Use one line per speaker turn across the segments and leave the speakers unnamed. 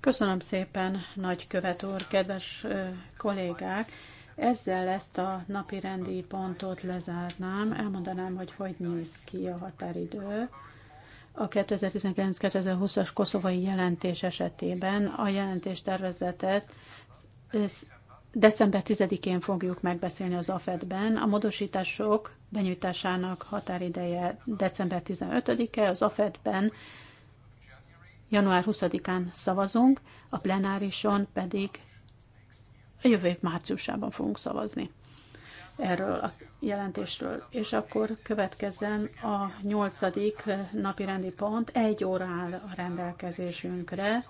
Köszönöm szépen, nagykövet úr, kedves kollégák! Ezzel ezt a napi rendi pontot lezárnám. Elmondanám, hogy hogy néz ki a határidő. A 2019-2020-as koszovai jelentés esetében a jelentés tervezetet december 10-én fogjuk megbeszélni az AFED-ben. A módosítások benyújtásának határideje december 15-e, az AFED-ben január 20-án szavazunk, a plenárison pedig a jövő év márciusában fogunk szavazni erről a jelentésről. És akkor következzen a nyolcadik napi rendi pont, egy óra áll a rendelkezésünkre.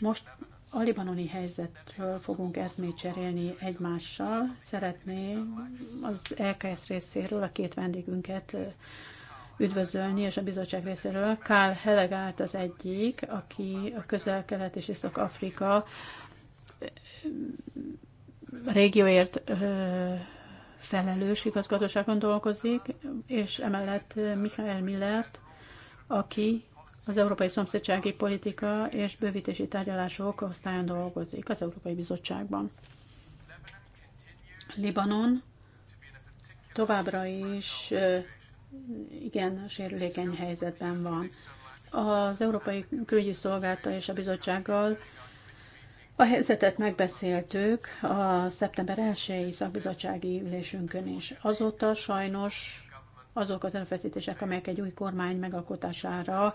Most a libanoni helyzetről fogunk eszmét cserélni egymással. Szeretném az LKS részéről a két vendégünket üdvözölni, és a bizottság részéről. Kál Helegált az egyik, aki a közel-kelet és Észak-Afrika régióért felelős igazgatóságon dolgozik, és emellett Michael Millert, aki az Európai Szomszédsági Politika és Bővítési Tárgyalások osztályon dolgozik az Európai Bizottságban. Libanon továbbra is igen sérülékeny helyzetben van. Az Európai Külügyi Szolgálta és a bizottsággal a helyzetet megbeszéltük a szeptember 1-i szakbizottsági ülésünkön is. Azóta sajnos azok az erőfeszítések, amelyek egy új kormány megalkotására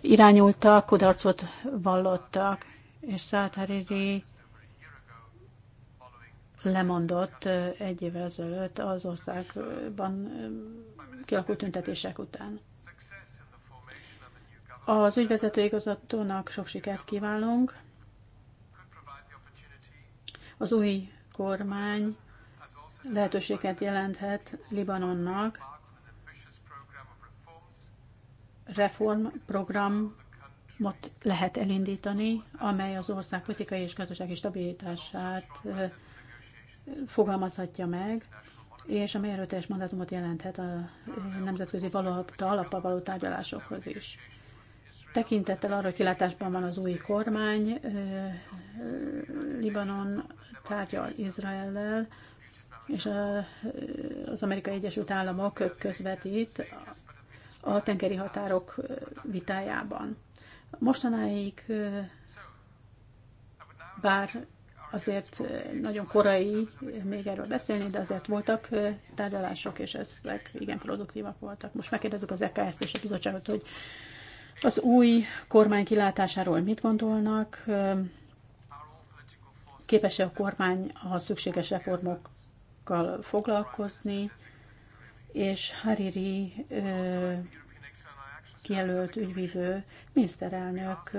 irányultak, kudarcot vallottak, és Szátháriri lemondott egy évvel ezelőtt az országban kialakult tüntetések után. Az ügyvezető igazgatónak sok sikert kívánunk. Az új kormány lehetőséget jelenthet Libanonnak reformprogramot lehet elindítani, amely az ország politikai és gazdasági stabilitását fogalmazhatja meg, és a erőteljes mandátumot jelenthet a nemzetközi valapta alappal való tárgyalásokhoz is. Tekintettel arra, hogy kilátásban van az új kormány, Libanon tárgyal Izraellel, és az Amerikai Egyesült Államok közvetít a tengeri határok vitájában. Mostanáig bár azért nagyon korai még erről beszélni, de azért voltak tárgyalások, és ezek igen produktívak voltak. Most megkérdezzük az EKS-t és a bizottságot, hogy az új kormány kilátásáról mit gondolnak, képes-e a kormány a szükséges reformokkal foglalkozni, és Hariri kijelölt ügyvívő miniszterelnök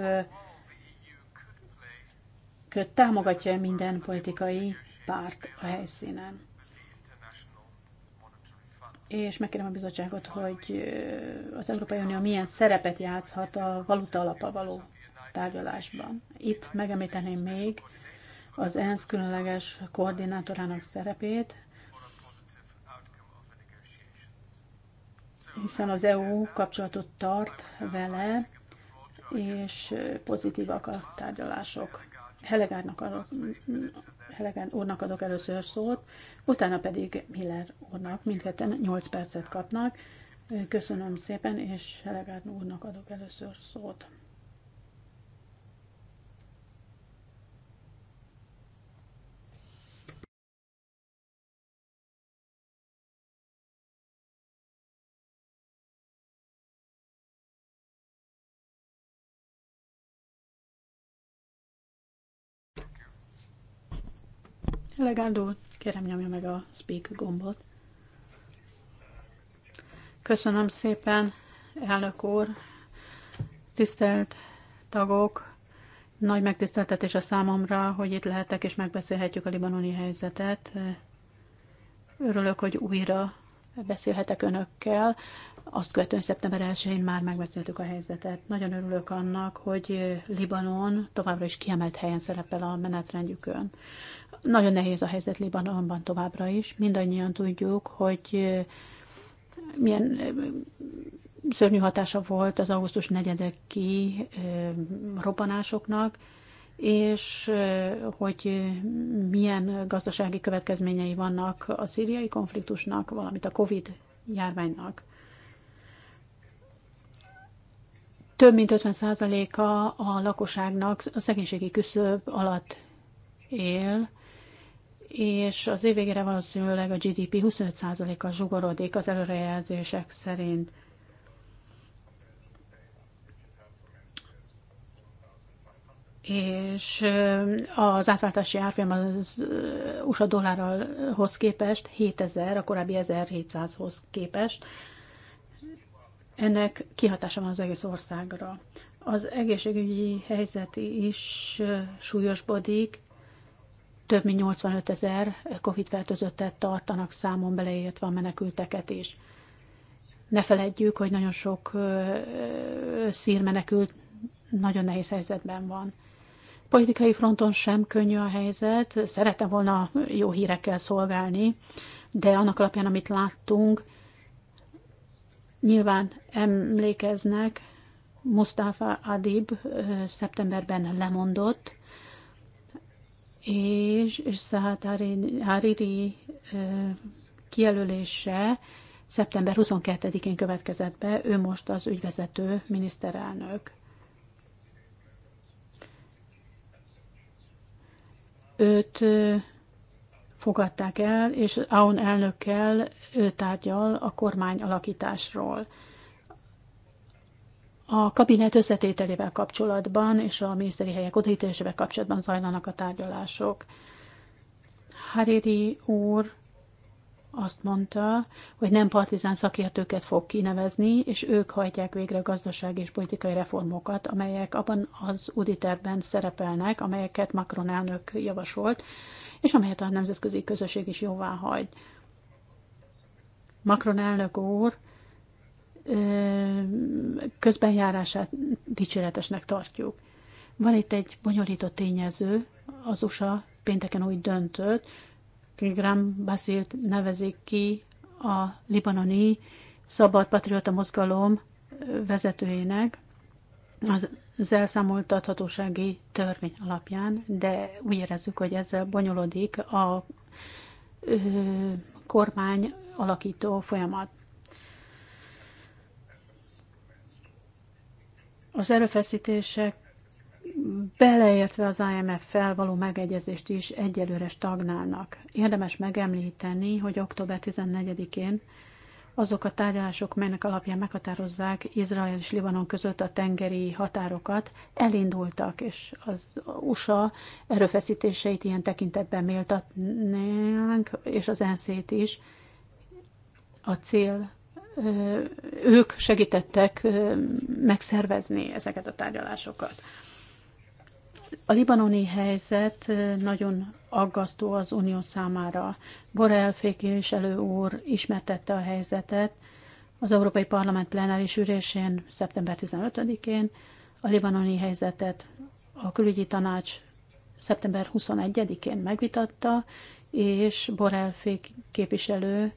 őket támogatja minden politikai párt a helyszínen. És megkérem a bizottságot, hogy az Európai Unió milyen szerepet játszhat a valuta alapa való tárgyalásban. Itt megemlíteném még az ENSZ különleges koordinátorának szerepét, hiszen az EU kapcsolatot tart vele, és pozitívak a tárgyalások. Helegárnak adok, úrnak adok először szót, utána pedig Miller úrnak. Mindketten 8 percet kapnak. Köszönöm szépen, és Helegán úrnak adok először
szót. Legándul, kérem nyomja meg a speak gombot.
Köszönöm szépen, elnök úr, tisztelt tagok, nagy megtiszteltetés a számomra, hogy itt lehetek és megbeszélhetjük a libanoni helyzetet. Örülök, hogy újra beszélhetek önökkel. Azt követően szeptember 1-én már megbeszéltük a helyzetet. Nagyon örülök annak, hogy Libanon továbbra is kiemelt helyen szerepel a menetrendjükön. Nagyon nehéz a helyzet Libanonban továbbra is. Mindannyian tudjuk, hogy milyen szörnyű hatása volt az augusztus 4-i robbanásoknak és hogy milyen gazdasági következményei vannak a szíriai konfliktusnak, valamint a COVID járványnak. Több mint 50%-a a lakosságnak a szegénységi küszöb alatt él, és az év végére valószínűleg a GDP 25%-a zsugorodik az előrejelzések szerint. és az átváltási árfolyam az USA dollárhoz képest 7000, a korábbi 1700-hoz képest. Ennek kihatása van az egész országra. Az egészségügyi helyzet is súlyosbodik, több mint 85 ezer COVID-fertőzöttet tartanak számon, beleértve a menekülteket is. Ne feledjük, hogy nagyon sok szírmenekült nagyon nehéz helyzetben van. Politikai fronton sem könnyű a helyzet, szerettem volna jó hírekkel szolgálni, de annak alapján, amit láttunk, nyilván emlékeznek, Mustafa Adib szeptemberben lemondott, és, Szahat Hariri kijelölése szeptember 22-én következett be, ő most az ügyvezető miniszterelnök. őt fogadták el, és Aun elnökkel ő tárgyal a kormány alakításról. A kabinet összetételével kapcsolatban és a miniszteri helyek odaítésével kapcsolatban zajlanak a tárgyalások. Hariri úr azt mondta, hogy nem partizán szakértőket fog kinevezni, és ők hajtják végre gazdasági és politikai reformokat, amelyek abban az uditerben szerepelnek, amelyeket Macron elnök javasolt, és amelyet a nemzetközi közösség is jóvá hagy. Macron elnök úr közbenjárását dicséretesnek tartjuk. Van itt egy bonyolított tényező, az USA pénteken úgy döntött, Kigram Basilt nevezik ki a libanoni szabad patriota mozgalom vezetőjének az elszámoltathatósági törvény alapján, de úgy érezzük, hogy ezzel bonyolodik a ö, kormány alakító folyamat. Az erőfeszítések beleértve az imf felvaló megegyezést is egyelőre stagnálnak. Érdemes megemlíteni, hogy október 14-én azok a tárgyalások, melynek alapján meghatározzák Izrael és Libanon között a tengeri határokat, elindultak, és az USA erőfeszítéseit ilyen tekintetben méltatnánk, és az ensz is. A cél, ők segítettek megszervezni ezeket a tárgyalásokat. A libanoni helyzet nagyon aggasztó az unió számára. Borrell fékélviselő úr ismertette a helyzetet az Európai Parlament plenáris ürésén szeptember 15-én, a libanoni helyzetet a külügyi tanács szeptember 21-én megvitatta, és Borrell képviselő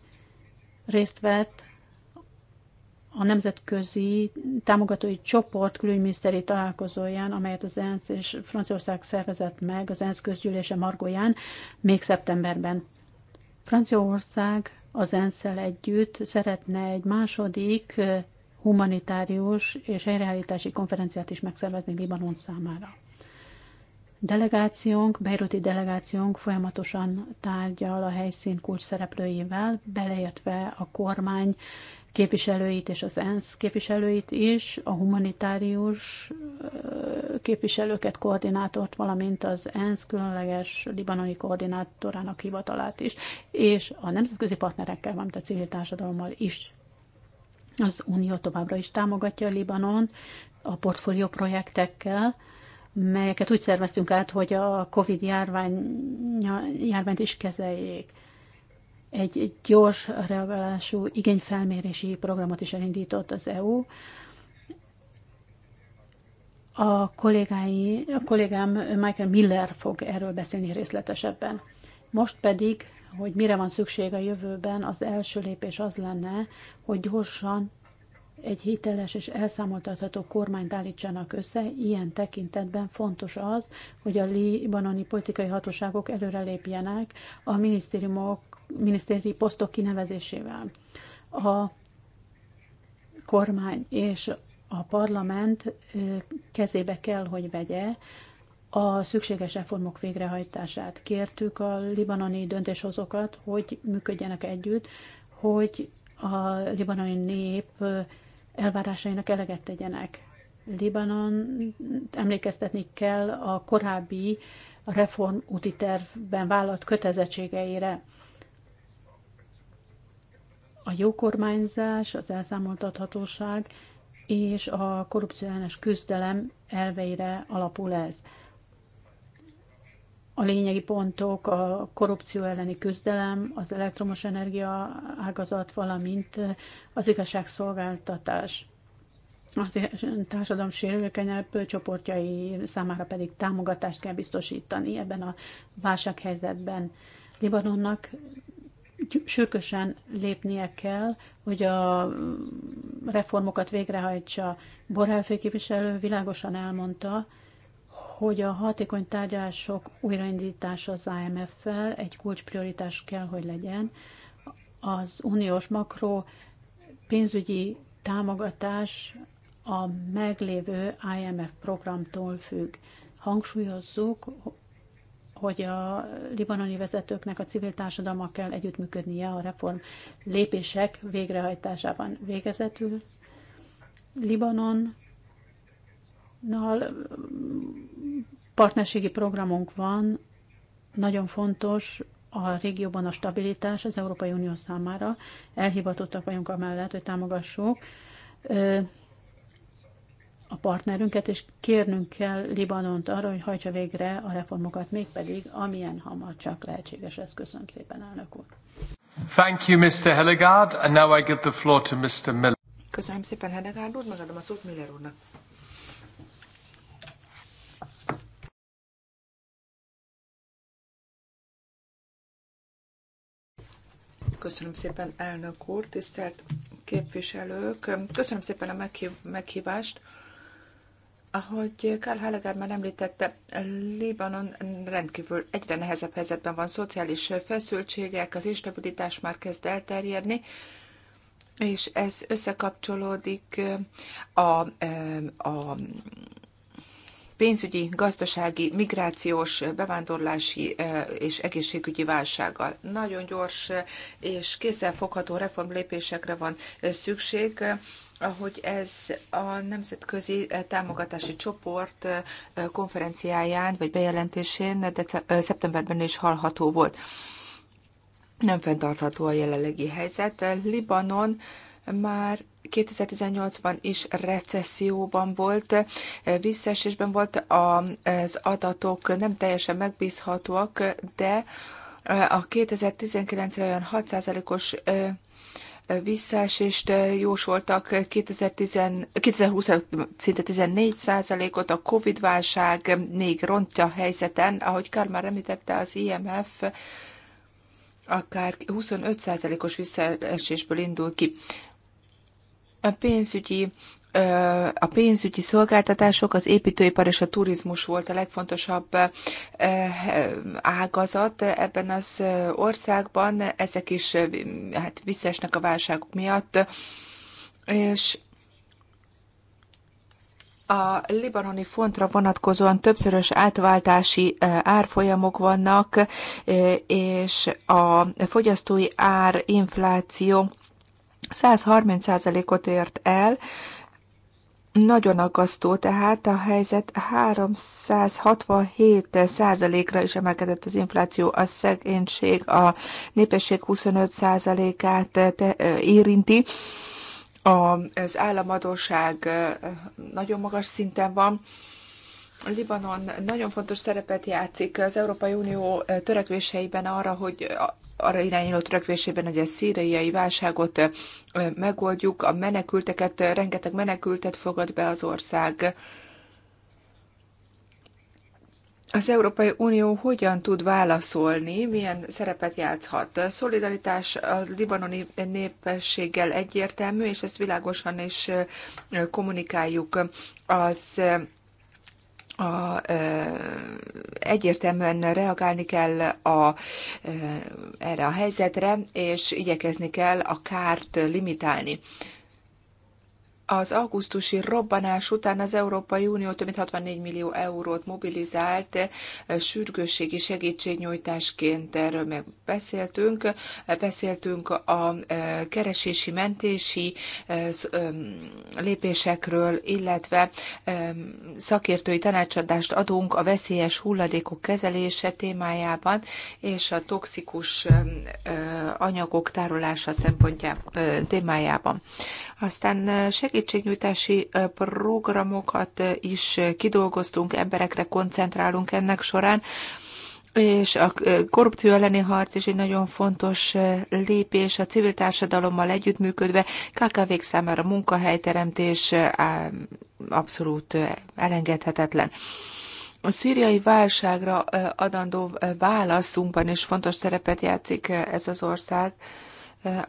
részt vett a nemzetközi támogatói csoport külügyminiszteri találkozóján, amelyet az ENSZ és Franciaország szervezett meg az ENSZ közgyűlése margóján még szeptemberben. Franciaország az ensz együtt szeretne egy második humanitárius és helyreállítási konferenciát is megszervezni Libanon számára. Delegációnk, beiruti delegációnk folyamatosan tárgyal a helyszín kulcs szereplőivel, beleértve a kormány képviselőit és az ENSZ képviselőit is, a humanitárius képviselőket, koordinátort, valamint az ENSZ különleges libanoni koordinátorának hivatalát is, és a nemzetközi partnerekkel, valamint a civil társadalommal is. Az Unió továbbra is támogatja a Libanon a portfólió projektekkel, melyeket úgy szerveztünk át, hogy a COVID járvány, járványt is kezeljék egy gyors reagálású igényfelmérési programot is elindított az EU. A, kollégái, a kollégám Michael Miller fog erről beszélni részletesebben. Most pedig, hogy mire van szükség a jövőben, az első lépés az lenne, hogy gyorsan egy hiteles és elszámoltatható kormányt állítsanak össze, ilyen tekintetben fontos az, hogy a libanoni politikai hatóságok előrelépjenek a minisztériumok, minisztéri posztok kinevezésével. A kormány és a parlament kezébe kell, hogy vegye a szükséges reformok végrehajtását. Kértük a libanoni döntéshozókat, hogy működjenek együtt, hogy a libanoni nép elvárásainak eleget tegyenek. Libanon emlékeztetni kell a korábbi reform úti tervben vállalt kötelezettségeire. A jó kormányzás, az elszámoltathatóság és a korrupciós küzdelem elveire alapul ez a lényegi pontok a korrupció elleni küzdelem, az elektromos energia ágazat, valamint eh, az igazságszolgáltatás. A társadalom sérülékenyebb csoportjai számára pedig támogatást kell biztosítani ebben a válsághelyzetben. Libanonnak sürgősen lépnie kell, hogy a reformokat végrehajtsa. Borrell főképviselő világosan elmondta, hogy a hatékony tárgyalások újraindítása az IMF-fel egy kulcsprioritás kell, hogy legyen. Az uniós makro pénzügyi támogatás a meglévő IMF programtól függ. Hangsúlyozzuk, hogy a libanoni vezetőknek a civil társadalmak kell együttműködnie a reform lépések végrehajtásában. Végezetül Libanon partnerségi programunk van, nagyon fontos a régióban a stabilitás az Európai Unió számára. Elhivatottak vagyunk amellett, hogy támogassuk a partnerünket, és kérnünk kell Libanont arra, hogy hajtsa végre a reformokat, mégpedig amilyen hamar csak lehetséges lesz. Köszönöm szépen, elnök úr.
Thank you, Mr. Hillegard, and now I give the floor to Mr. Miller.
Köszönöm szépen, Hedegárd úr, megadom a szót Miller úrnak. Köszönöm szépen, elnök úr, tisztelt képviselők. Köszönöm szépen a meghívást. Ahogy Karl Hallegár már említette, Libanon rendkívül egyre nehezebb helyzetben van, szociális feszültségek, az instabilitás már kezd elterjedni, és ez összekapcsolódik a, a pénzügyi, gazdasági, migrációs, bevándorlási és egészségügyi válsággal. Nagyon gyors és kézzelfogható reformlépésekre van szükség, ahogy ez a nemzetközi támogatási csoport konferenciáján vagy bejelentésén de szeptemberben is hallható volt. Nem fenntartható a jelenlegi helyzet. Libanon már 2018-ban is recesszióban volt, visszaesésben volt, az adatok nem teljesen megbízhatóak, de a 2019-re olyan 6%-os visszaesést jósoltak 2010, 2020 szinte 14 százalékot, a Covid-válság még rontja a helyzeten, ahogy már említette, az IMF akár 25 százalékos visszaesésből indul ki. A pénzügyi a pénzügyi szolgáltatások, az építőipar és a turizmus volt a legfontosabb ágazat ebben az országban. Ezek is hát visszaesnek a válságok miatt, és a libanoni fontra vonatkozóan többszörös átváltási árfolyamok vannak, és a fogyasztói árinfláció 130%-ot ért el, nagyon aggasztó, tehát a helyzet 367 százalékra is emelkedett az infláció, a szegénység a népesség 25 százalékát érinti, az államadóság nagyon magas szinten van, Libanon nagyon fontos szerepet játszik az Európai Unió törekvéseiben arra, hogy arra irányuló törekvésében, hogy a szíriai válságot megoldjuk, a menekülteket, rengeteg menekültet fogad be az ország. Az Európai Unió hogyan tud válaszolni, milyen szerepet játszhat? A szolidaritás a libanoni népességgel egyértelmű, és ezt világosan is kommunikáljuk. Az a, egyértelműen reagálni kell a, erre a helyzetre, és igyekezni kell a kárt limitálni. Az augusztusi robbanás után az Európai Unió több mint 64 millió eurót mobilizált eh, sürgősségi segítségnyújtásként, erről meg beszéltünk. Eh, beszéltünk a eh, keresési, mentési lépésekről, illetve szakértői tanácsadást adunk a veszélyes hulladékok kezelése témájában és a toxikus anyagok tárolása szempontjából témájában. Aztán segítségnyújtási programokat is kidolgoztunk, emberekre koncentrálunk ennek során, és a korrupció elleni harc is egy nagyon fontos lépés, a civil társadalommal együttműködve, KKV-k számára munkahelyteremtés abszolút elengedhetetlen. A szíriai válságra adandó válaszunkban is fontos szerepet játszik ez az ország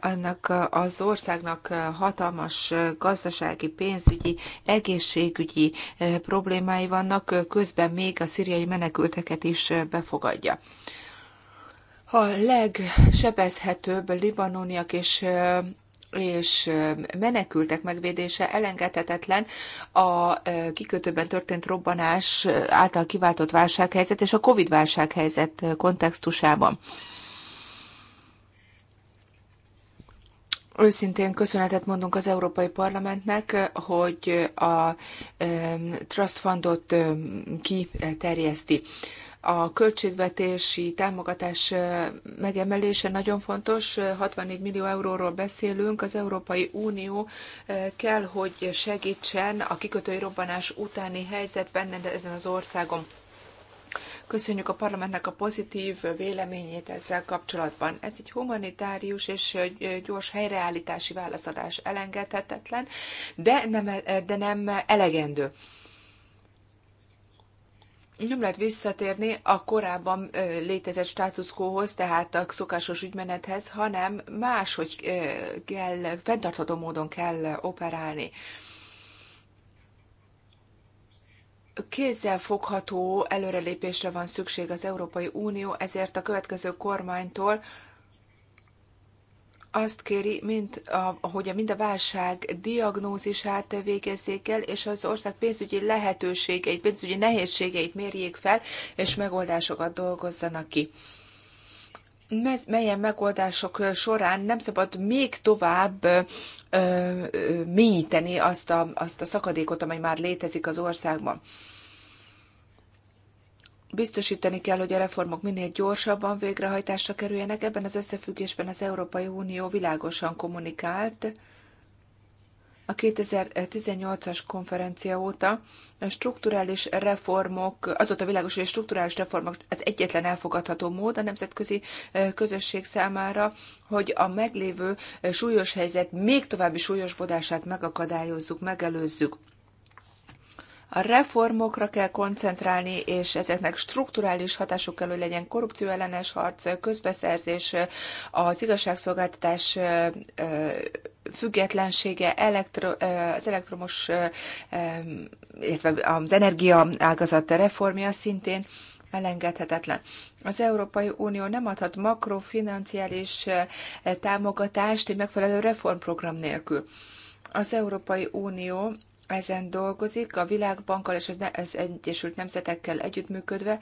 annak az országnak hatalmas gazdasági, pénzügyi, egészségügyi eh, problémái vannak, közben még a szíriai menekülteket is eh, befogadja. A legsebezhetőbb libanoniak és eh, és menekültek megvédése elengedhetetlen a kikötőben történt robbanás által kiváltott válsághelyzet és a Covid válsághelyzet kontextusában. Őszintén köszönetet mondunk az Európai Parlamentnek, hogy a Trust Fundot kiterjeszti. A költségvetési támogatás megemelése nagyon fontos. 64 millió euróról beszélünk. Az Európai Unió kell, hogy segítsen a kikötői robbanás utáni helyzetben ezen az országon. Köszönjük a parlamentnek a pozitív véleményét ezzel kapcsolatban. Ez egy humanitárius és gyors helyreállítási válaszadás elengedhetetlen, de nem, e, e, de nem elegendő nem lehet visszatérni a korábban létezett státuszkóhoz, tehát a szokásos ügymenethez, hanem máshogy kell, fenntartható módon kell operálni. kézzelfogható előrelépésre van szükség az Európai Unió, ezért a következő kormánytól azt kéri, mint, hogy mind a válság diagnózisát végezzék el, és az ország pénzügyi lehetőségeit, pénzügyi nehézségeit mérjék fel, és megoldásokat dolgozzanak ki. Melyen megoldások során nem szabad még tovább ö, ö, mélyíteni azt a, azt a szakadékot, amely már létezik az országban. Biztosítani kell, hogy a reformok minél gyorsabban végrehajtásra kerüljenek. Ebben az összefüggésben az Európai Unió világosan kommunikált a 2018-as konferencia óta a strukturális reformok, azóta világos, hogy a strukturális reformok az egyetlen elfogadható mód a nemzetközi közösség számára, hogy a meglévő súlyos helyzet még további súlyosbodását megakadályozzuk, megelőzzük. A reformokra kell koncentrálni, és ezeknek strukturális hatásuk kell, hogy legyen korrupcióellenes harc, közbeszerzés, az igazságszolgáltatás függetlensége, elektro, az elektromos, illetve az energia ágazat reformja szintén elengedhetetlen. Az Európai Unió nem adhat makrofinanciális támogatást egy megfelelő reformprogram nélkül. Az Európai Unió ezen dolgozik a Világbankkal és az Egyesült Nemzetekkel együttműködve,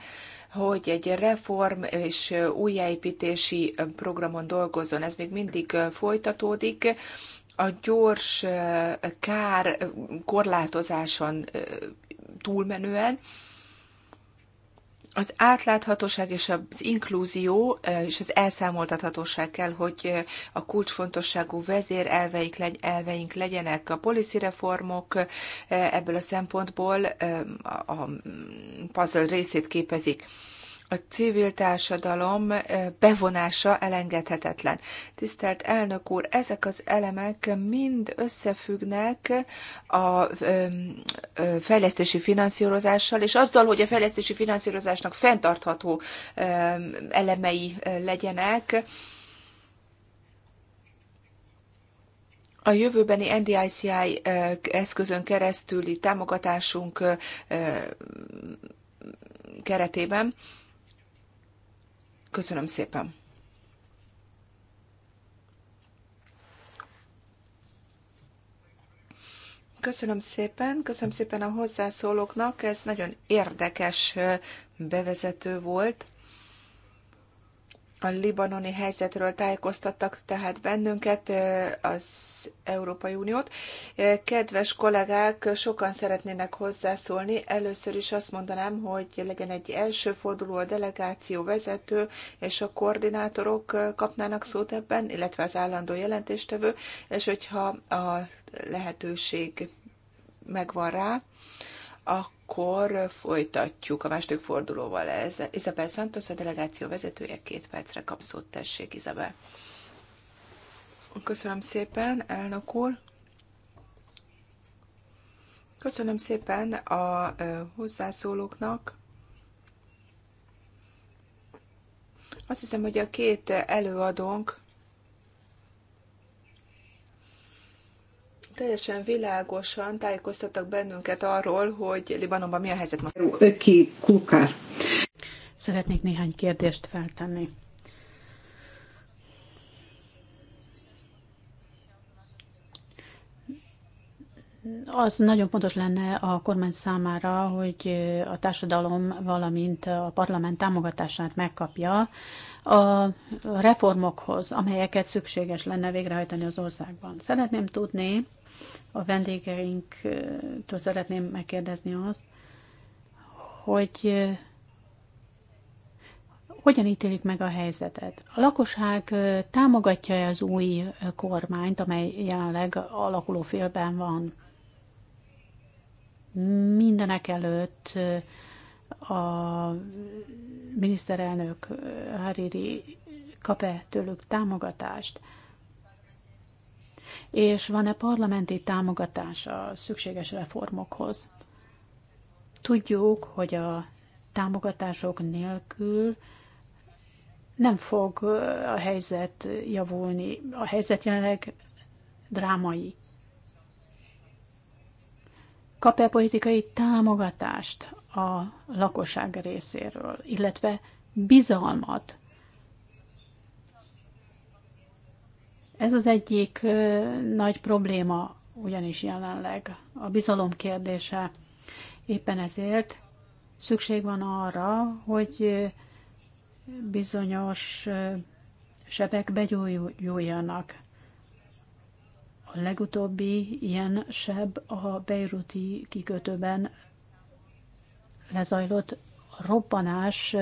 hogy egy reform és újjáépítési programon dolgozzon. Ez még mindig folytatódik. A gyors kár korlátozáson túlmenően, az átláthatóság és az inkluzió és az elszámoltathatóság kell, hogy a kulcsfontosságú vezér elveik, elveink legyenek. A policy reformok ebből a szempontból a puzzle részét képezik a civil társadalom bevonása elengedhetetlen. Tisztelt elnök úr, ezek az elemek mind összefüggnek a fejlesztési finanszírozással, és azzal, hogy a fejlesztési finanszírozásnak fenntartható elemei legyenek, a jövőbeni NDICI eszközön keresztüli támogatásunk keretében Köszönöm szépen. Köszönöm szépen, köszönöm szépen a hozzászólóknak, ez nagyon érdekes bevezető volt a libanoni helyzetről tájékoztattak tehát bennünket, az Európai Uniót. Kedves kollégák, sokan szeretnének hozzászólni. Először is azt mondanám, hogy legyen egy első forduló a delegáció vezető, és a koordinátorok kapnának szót ebben, illetve az állandó jelentéstevő, és hogyha a lehetőség megvan rá, akkor folytatjuk a második fordulóval. Ez Isabel Santos, a delegáció vezetője, két percre kap szót, tessék, Isabel. Köszönöm szépen, elnök úr. Köszönöm szépen a hozzászólóknak. Azt hiszem, hogy a két előadónk teljesen világosan tájékoztattak bennünket arról, hogy Libanonban mi a helyzet ma.
Ki kukár. Szeretnék néhány kérdést feltenni. Az nagyon fontos lenne a kormány számára, hogy a társadalom, valamint a parlament támogatását megkapja a reformokhoz, amelyeket szükséges lenne végrehajtani az országban. Szeretném tudni, a vendégeinktől szeretném megkérdezni azt, hogy eh, hogyan ítélik meg a helyzetet? A lakosság eh, támogatja-e az új eh, kormányt, amely jelenleg alakuló félben van? Mindenek előtt a miniszterelnök Hariri kap-e tőlük támogatást? és van-e parlamenti támogatás a szükséges reformokhoz. Tudjuk, hogy a támogatások nélkül nem fog a helyzet javulni. A helyzet jelenleg drámai. Kap-e politikai támogatást a lakosság részéről, illetve bizalmat Ez az egyik nagy probléma ugyanis jelenleg, a bizalom kérdése. Éppen ezért szükség van arra, hogy bizonyos sebek begyógyuljanak. A legutóbbi ilyen seb a Beiruti kikötőben lezajlott robbanás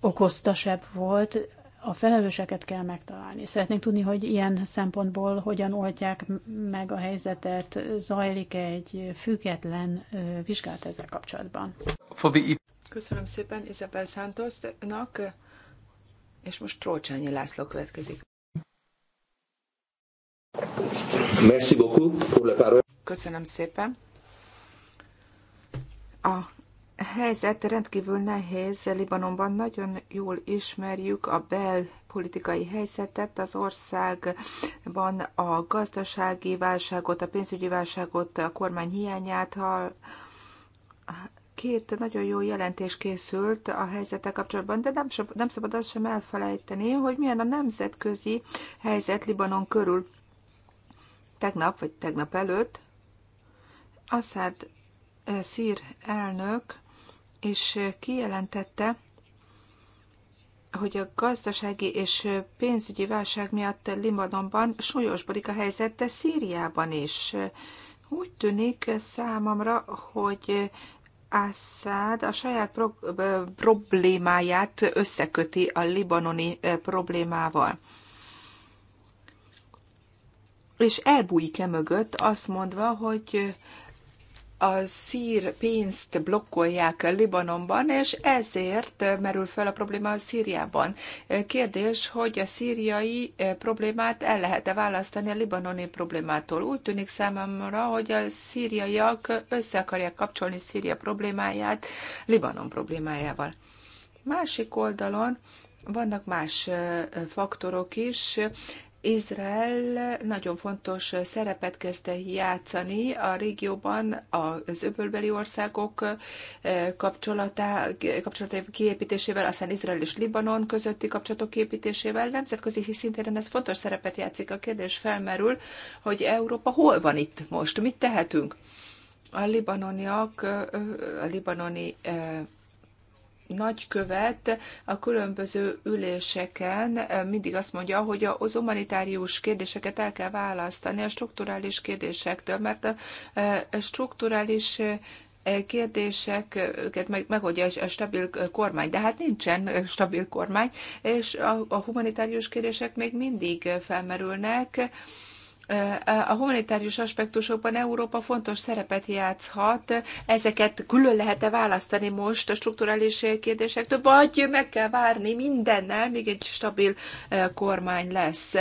okozta seb volt, a felelőseket kell megtalálni. Szeretnénk tudni, hogy ilyen szempontból hogyan oltják meg a helyzetet, zajlik egy független vizsgálat ezzel kapcsolatban. Köszönöm szépen
Isabel Santosnak, és most Trócsányi László következik. Köszönöm szépen. A helyzet rendkívül nehéz Libanonban. Nagyon jól ismerjük a belpolitikai helyzetet, az országban a gazdasági válságot, a pénzügyi válságot, a kormány hiányát. Ha két nagyon jó jelentés készült a helyzetek kapcsolatban, de nem, nem szabad azt sem elfelejteni, hogy milyen a nemzetközi helyzet Libanon körül. Tegnap vagy tegnap előtt Assad eh, szír elnök és kijelentette, hogy a gazdasági és pénzügyi válság miatt Libanonban súlyosbodik a helyzet, de Szíriában is. Úgy tűnik számomra, hogy Assad a saját pro- problémáját összeköti a libanoni problémával. És elbújik e mögött, azt mondva, hogy a szír pénzt blokkolják Libanonban, és ezért merül fel a probléma a Szíriában. Kérdés, hogy a szíriai eh, problémát el lehet-e választani a libanoni problémától? Úgy tűnik számomra, hogy a szíriaiak össze akarják kapcsolni Szíria problémáját Libanon problémájával. Másik oldalon vannak más eh, faktorok is, Izrael nagyon fontos szerepet kezdte játszani a régióban az öbölbeli országok eh, kapcsolatai kiépítésével, aztán Izrael és Libanon közötti kapcsolatok kiépítésével. Nemzetközi szintéren ez fontos szerepet játszik. A kérdés felmerül, hogy Európa hol van itt most, mit tehetünk? A libanoniak, eh, a libanoni eh, nagykövet a különböző üléseken eh, mindig azt mondja, hogy az humanitárius kérdéseket el kell választani a strukturális kérdésektől, mert a eh, strukturális eh, kérdéseket meg, megoldja a stabil kormány. De hát nincsen stabil kormány, és a, a humanitárius kérdések még mindig felmerülnek a humanitárius aspektusokban Európa fontos szerepet játszhat. Ezeket külön lehet-e választani most a strukturális kérdésektől, vagy meg kell várni mindennel, még egy stabil kormány lesz.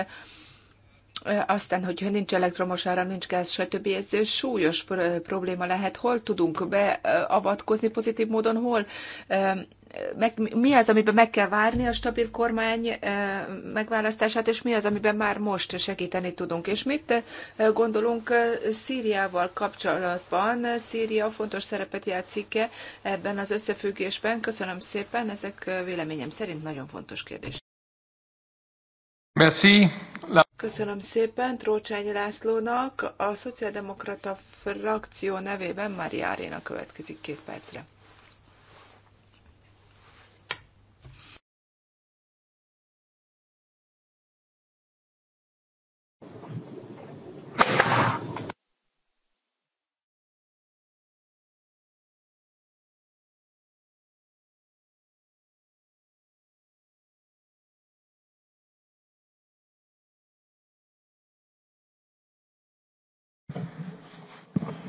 Aztán, hogyha nincs elektromos áram, nincs gáz, stb. ez súlyos probléma lehet. Hol tudunk beavatkozni pozitív módon, hol meg, mi az, amiben meg kell várni a stabil kormány megválasztását, és mi az, amiben már most segíteni tudunk. És mit gondolunk Szíriával kapcsolatban? Szíria fontos szerepet játszik-e ebben az összefüggésben? Köszönöm szépen, ezek véleményem szerint nagyon fontos kérdés. Merci. Köszönöm szépen Trócsányi Lászlónak, a Szociáldemokrata frakció nevében Mária Aréna következik két percre.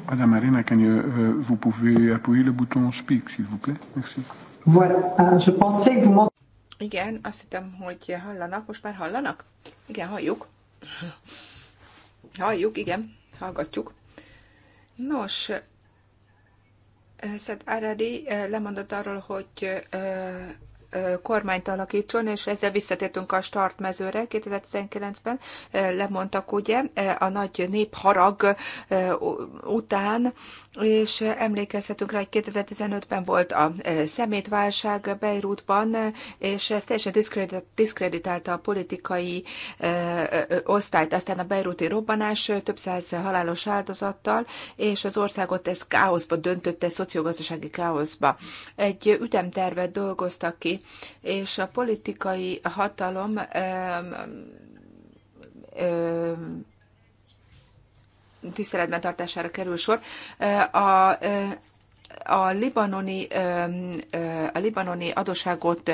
Madame Arena, can you, uh, vous pouvez appuyer le bouton speak, s'il vous plaît? Merci. Voilà, uh, je pensais que vous m'entendez.
Igen, azt hittem, hogy hallanak. Most már hallanak? Igen, halljuk. Halljuk, igen, hallgatjuk. Nos, eh, Szed Aradi eh, lemondott arról, hogy eh, kormányt alakítson, és ezzel visszatértünk a startmezőre 2019-ben, lemondtak ugye a nagy népharag után, és emlékezhetünk rá, hogy 2015-ben volt a szemétválság Beirutban, és ez teljesen diszkreditálta a politikai osztályt. Aztán a beiruti robbanás több száz halálos áldozattal, és az országot ez káoszba döntötte, szociogazdasági káoszba. Egy ütemtervet dolgoztak ki és a politikai hatalom tiszteletben tartására kerül sor. E, a, e, a libanoni, e, a libanoni adóságot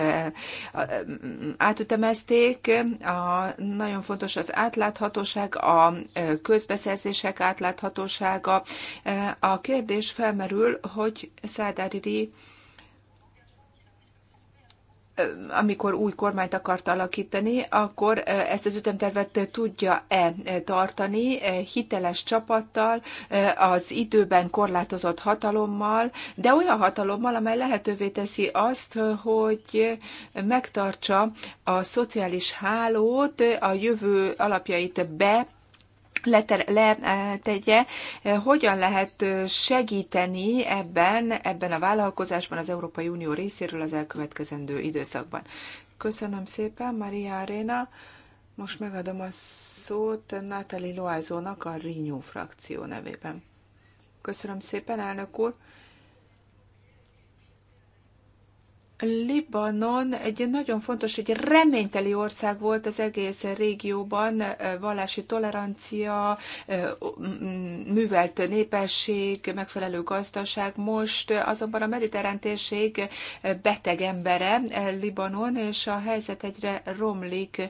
átütemezték, a, nagyon fontos az átláthatóság, a közbeszerzések átláthatósága. A kérdés felmerül, hogy Szádári amikor új kormányt akart alakítani, akkor ezt az ütemtervet tudja-e tartani hiteles csapattal, az időben korlátozott hatalommal, de olyan hatalommal, amely lehetővé teszi azt, hogy megtartsa a szociális hálót, a jövő alapjait be letegye, hogyan lehet segíteni ebben, ebben a vállalkozásban az Európai Unió részéről az elkövetkezendő időszakban. Köszönöm szépen, Maria Arena. Most megadom a szót Nátali Loázónak a Rinyó frakció nevében. Köszönöm szépen, elnök úr. Libanon egy nagyon fontos, egy reményteli ország volt az egész régióban, vallási tolerancia, művelt népesség, megfelelő gazdaság. Most azonban a mediterrán térség beteg embere Libanon, és a helyzet egyre romlik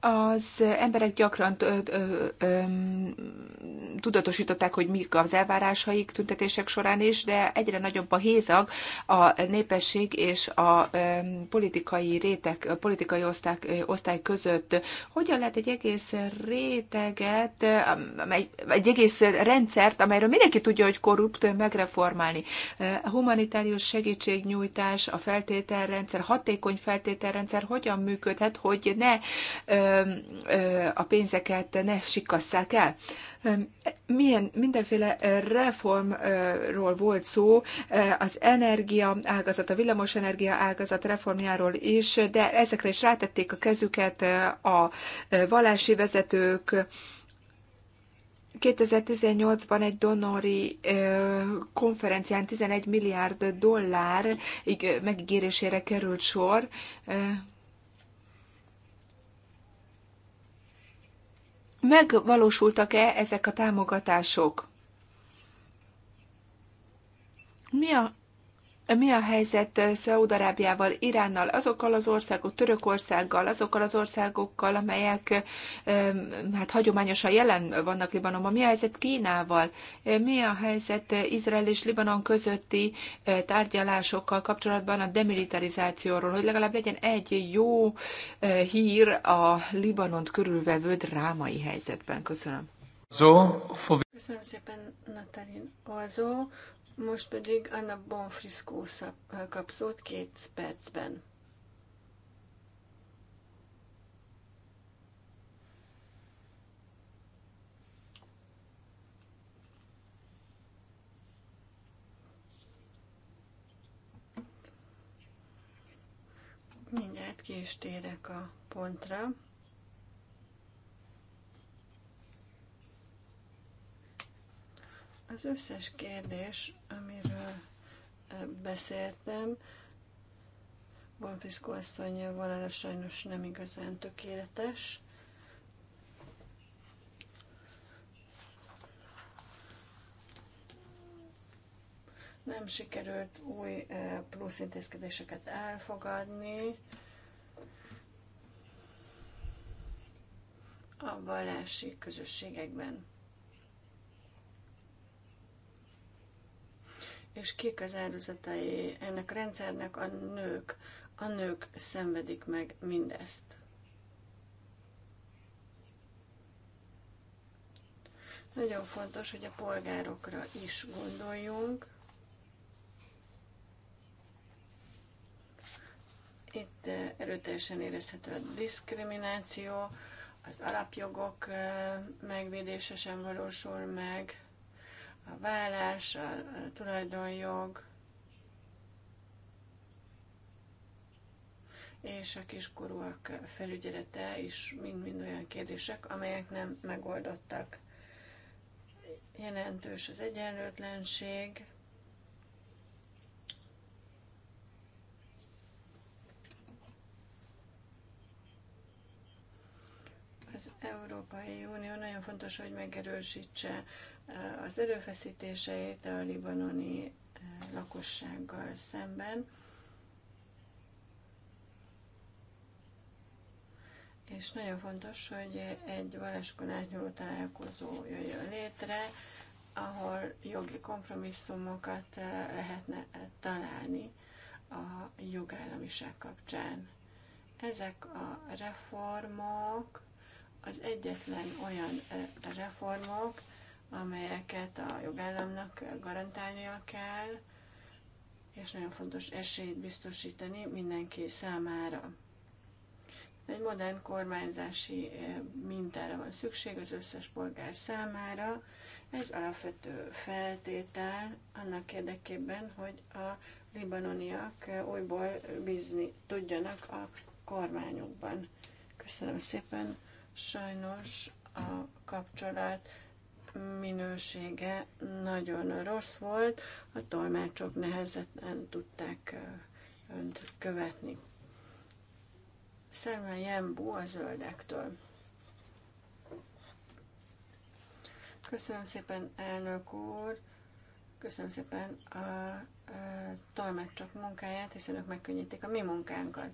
az emberek gyakran ö, ö, ö, tudatosították, hogy mik az elvárásaik tüntetések során is, de egyre nagyobb a hézag a népesség és a ö, politikai rétek, a politikai osztály, ö, osztály között. Hogyan lehet egy egész réteget, egy, egy egész rendszert, amelyről mindenki tudja, hogy korrupt, megreformálni? A humanitárius segítségnyújtás, a feltételrendszer, hatékony feltételrendszer hogyan működhet, hogy ne ö, a pénzeket ne sikasszák el. Milyen mindenféle reformról volt szó, az energia ágazat, a villamosenergia ágazat reformjáról is, de ezekre is rátették a kezüket a vallási vezetők, 2018-ban egy donori konferencián 11 milliárd dollár megígérésére került sor. megvalósultak-e ezek a támogatások? Mi a mi a helyzet Szaudarábiával, Iránnal, azokkal az országok, Törökországgal, azokkal az országokkal, amelyek hát hagyományosan jelen vannak Libanonban? Mi a helyzet Kínával? Mi a helyzet Izrael és Libanon közötti eh, tárgyalásokkal kapcsolatban a demilitarizációról, hogy legalább legyen egy jó eh, hír a Libanont körülvevő drámai helyzetben? Köszönöm.
Köszönöm szépen, Natalin Oazó. Most pedig Anna Bonfriszkó kap szót két percben. Mindjárt ki is térek a pontra. Az összes kérdés, amiről beszéltem, Bonfiszko asszony valahogy sajnos nem igazán tökéletes. Nem sikerült új plusz intézkedéseket elfogadni. a vallási közösségekben. és kik az áldozatai ennek a rendszernek a nők. A nők szenvedik meg mindezt. Nagyon fontos, hogy a polgárokra is gondoljunk. Itt eh, erőteljesen érezhető a diszkrimináció, az alapjogok eh, megvédése sem valósul meg a vállás, a tulajdonjog és a kiskorúak felügyelete is mind-mind olyan kérdések, amelyek nem megoldottak. Jelentős az egyenlőtlenség, Az Európai Unió nagyon fontos, hogy megerősítse eh, az erőfeszítéseit a libanoni eh, lakossággal szemben. És nagyon fontos, hogy egy valáskon átnyúló találkozó jöjjön létre, ahol jogi kompromisszumokat eh, lehetne találni a jogállamiság kapcsán. Ezek a reformok az egyetlen olyan reformok, amelyeket a jogállamnak garantálnia kell, és nagyon fontos esélyt biztosítani mindenki számára. Egy modern kormányzási mintára van szükség az összes polgár számára. Ez alapvető feltétel annak érdekében, hogy a libanoniak újból bízni tudjanak a kormányukban. Köszönöm szépen! Sajnos a kapcsolat minősége nagyon rossz volt, a tolmácsok nehezetlen tudták önt követni. Szerve Jembu a zöldektől. Köszönöm szépen, elnök úr! Köszönöm szépen a, a tolmácsok munkáját, hiszen ők megkönnyítik a mi munkánkat.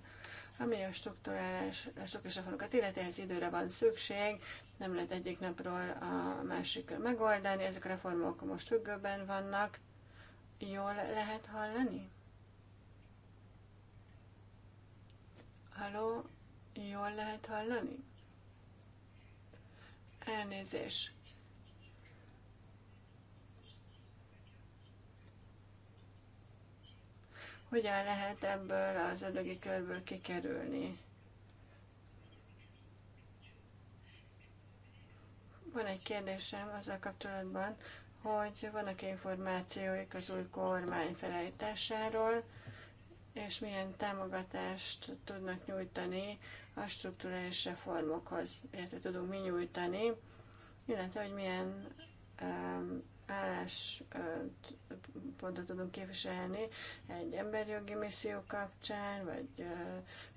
Ami a struktúrálások és reformokat illeti, időre van szükség, nem lehet egyik napról a másikra megoldani, ezek a reformok most függőben vannak. Jól lehet hallani? Halló, jól lehet hallani? Elnézés. hogyan lehet ebből az ördögi körből kikerülni. Van egy kérdésem azzal kapcsolatban, hogy vannak-e információik az új kormány felállításáról, és milyen támogatást tudnak nyújtani a struktúrális reformokhoz, illetve tudunk mi nyújtani, illetve hogy milyen um, álláspontot tudunk képviselni egy emberjogi misszió kapcsán, vagy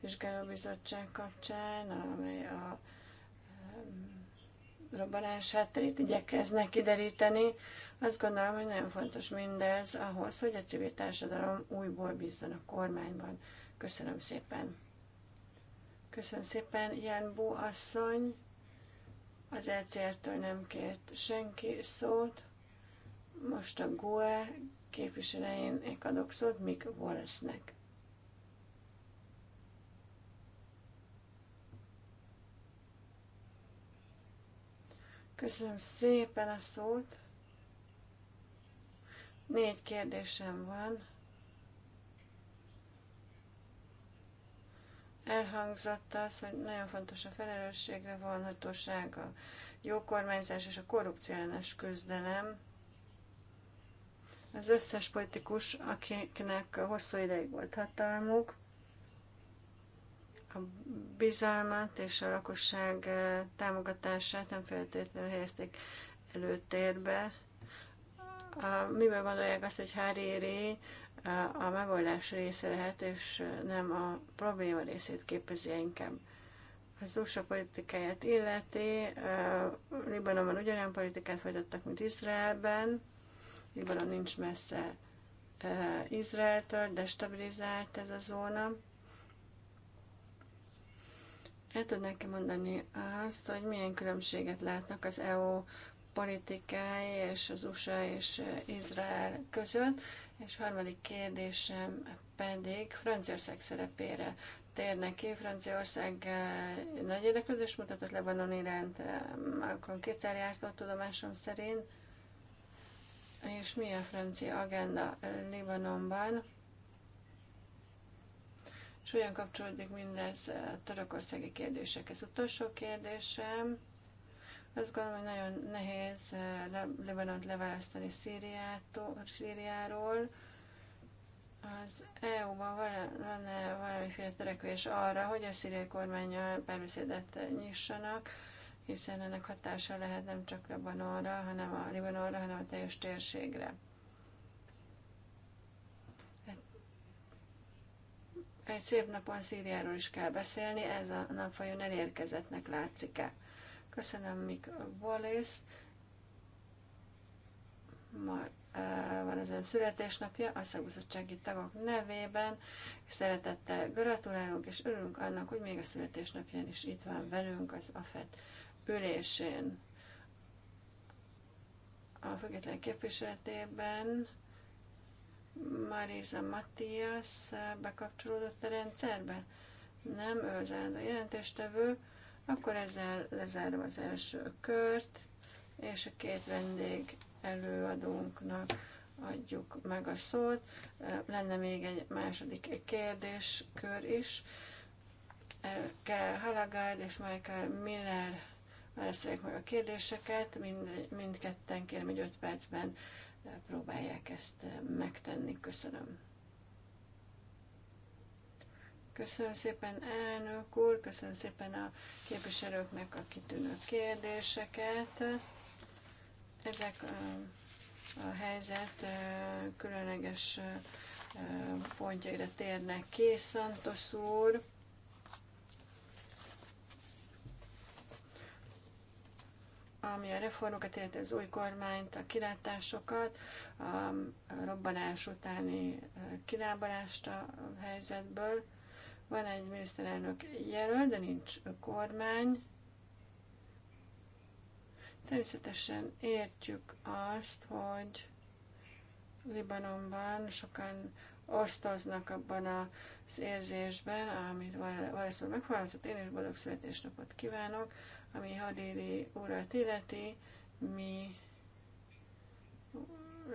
vizsgálóbizottság kapcsán, amely a robbanás hátterét igyekeznek kideríteni. Azt gondolom, hogy nagyon fontos mindez ahhoz, hogy a civil társadalom újból bízzon a kormányban. Köszönöm szépen. Köszönöm szépen, Ján Bó asszony. Az ECR-től nem kért senki szót. Most a GOE egy adok szót Mick Wallace-nek. Köszönöm szépen a szót. Négy kérdésem van. Elhangzott az, hogy nagyon fontos a felelősségre vonhatóság, a jó kormányzás és a korrupció ellenes küzdelem. Az összes politikus, akinek hosszú ideig volt hatalmuk, a bizalmat és a lakosság eh, támogatását nem feltétlenül helyezték előtérbe. A, miben gondolják azt, hogy Hariri a, eh, a megoldás része lehet, és eh, nem a probléma részét képezi inkább. Az USA politikáját illeti, Libanonban ugyanolyan politikát folytattak, mint Izraelben, Libanon nincs messze Izraeltől, destabilizált ez a zóna. El tud neki mondani azt, hogy milyen különbséget látnak az EU politikái és az USA és Izrael között, és harmadik kérdésem pedig Franciaország szerepére térnek ki. Franciaország nagy érdeklődés mutatott Lebanon iránt Macron kétszer járt tudomásom szerint és mi a francia agenda eh, Libanonban, és hogyan kapcsolódik mindez eh, a törökországi kérdésekhez. Utolsó kérdésem, azt gondolom, hogy nagyon nehéz eh, Libanont leválasztani Szíriától, Szíriáról. Az EU-ban van-e valamiféle törekvés arra, hogy a szíriai kormányjal párbeszédet nyissanak, hiszen ennek hatása lehet nem csak Libanonra, hanem a Libanonra, hanem a teljes térségre. Egy szép napon Szíriáról is kell beszélni, ez a nap vajon elérkezettnek látszik-e? Köszönöm Mik Wallace, ma van ezen születésnapja a szakbizottsági tagok nevében. Szeretettel gratulálunk, és örülünk annak, hogy még a születésnapján is itt van velünk az AFET ülésén a független képviseletében Marisa Matthias bekapcsolódott a rendszerbe? Nem, ő állandó jelentéstevő. Akkor ezzel lezárom az első kört, és a két vendég előadónknak adjuk meg a szót. Lenne még egy második kérdéskör is. Kell Halagard és Michael Miller válaszolják meg a kérdéseket. Mind, mindketten kérem, hogy 5 percben eh, próbálják ezt eh, megtenni. Köszönöm. Köszönöm szépen elnök úr, köszönöm szépen a képviselőknek a kitűnő kérdéseket. Ezek a, eh, a helyzet különleges pontjaira térnek ki, Szantos úr. ami a reformokat, illetve az új kormányt, a kilátásokat, a robbanás utáni kilábalást a helyzetből. Van egy miniszterelnök jelölt, de nincs kormány. Természetesen értjük azt, hogy Libanonban sokan osztoznak abban az érzésben, amit valószínűleg megfogalmazott. Én is boldog születésnapot kívánok ami Hadéri urat illeti, mi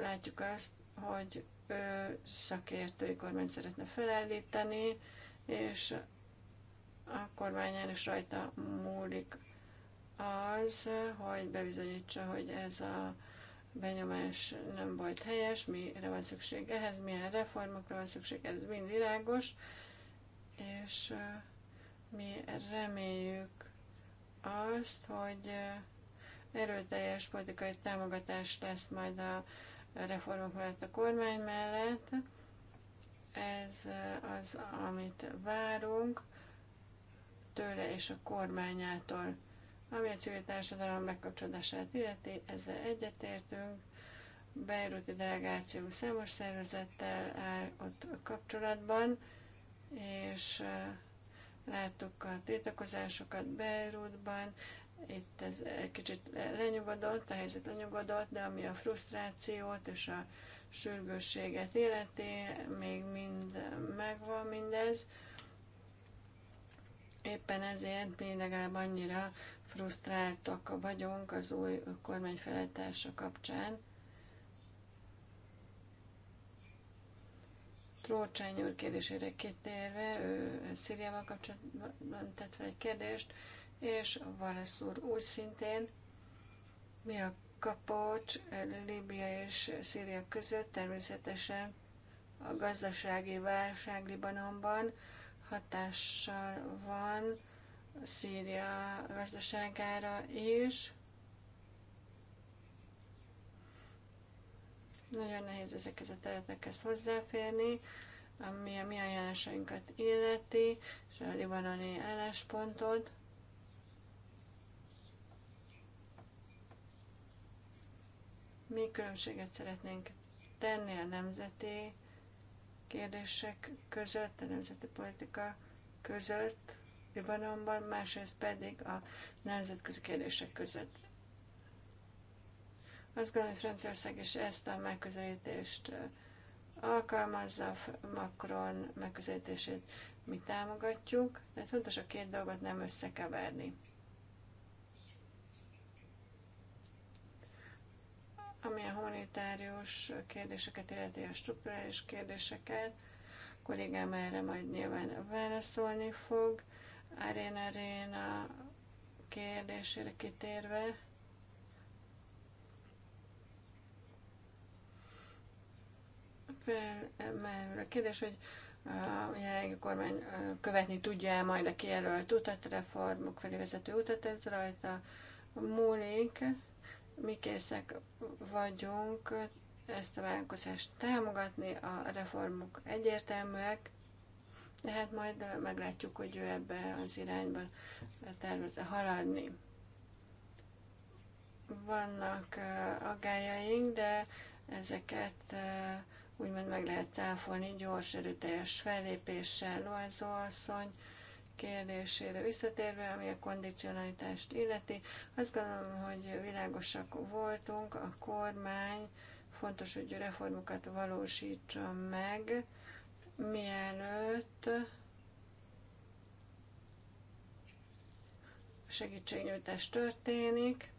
látjuk azt, hogy ő szakértői kormányt szeretne felállítani, és a kormányán is rajta múlik az, hogy bebizonyítsa, hogy ez a benyomás nem volt helyes, mire van szükség ehhez, milyen reformokra van szükség, ez mind világos, és mi reméljük, azt, hogy eh, erőteljes politikai támogatás lesz majd a reformok mellett a kormány mellett. Ez eh, az, amit várunk tőle és a kormányától. Ami a civil társadalom megkapcsolódását illeti, ezzel egyetértünk. Beiruti delegáció számos szervezettel áll ott kapcsolatban, és eh, Láttuk a tiltakozásokat Beirutban, itt ez egy kicsit lenyugodott, a helyzet lenyugodott, de ami a frusztrációt és a sürgősséget életé még mind megvan mindez. Éppen ezért mi legalább annyira frusztráltak vagyunk az új kormányfeleltása kapcsán. Trócsány úr kérdésére kitérve, ő Szíriával kapcsolatban tett fel egy kérdést, és Valesz úr úgy szintén, mi a kapocs Líbia és Szíria között, természetesen a gazdasági válság Libanonban hatással van Szíria gazdaságára is. Nagyon nehéz ezekhez a területekhez hozzáférni, ami a mi ajánlásainkat illeti, és a libanoni álláspontod. Mi különbséget szeretnénk tenni a nemzeti kérdések között, a nemzeti politika között Libanonban, másrészt pedig a nemzetközi kérdések között. Azt gondolom, hogy Franciaország is ezt a megközelítést alkalmazza, Macron megközelítését mi támogatjuk, de fontos a két dolgot nem összekeverni. Ami a humanitárius kérdéseket illeti a strukturális kérdéseket, a kollégám erre majd nyilván válaszolni fog. Arena Arena kérdésére kitérve, felmerül a kérdés, hogy uh, a jelenlegi kormány uh, követni tudja majd a kijelölt utat, reformok felé vezető utat, ez rajta múlik. Mi készek vagyunk ezt a vállalkozást támogatni, a reformok egyértelműek, de hát majd meglátjuk, hogy ő ebbe az irányba tervez haladni. Vannak uh, aggájaink, de ezeket úgymond meg lehet táfolni gyors, erőteljes fellépéssel. Loázó asszony kérdésére visszatérve, ami a kondicionalitást illeti, azt gondolom, hogy világosak voltunk, a kormány fontos, hogy reformokat valósítson meg, mielőtt segítségnyújtás történik,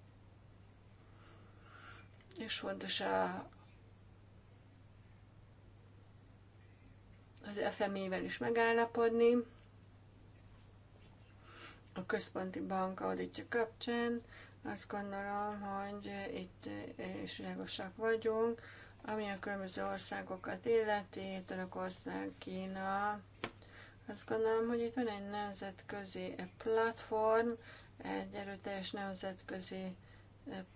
és fontos a az fme vel is megállapodni, a központi bank auditja kapcsán. Azt gondolom, hogy itt is világosak vagyunk, ami a különböző országokat illeti, Törökország, Kína. Azt gondolom, hogy itt van egy nemzetközi platform, egy erőteljes nemzetközi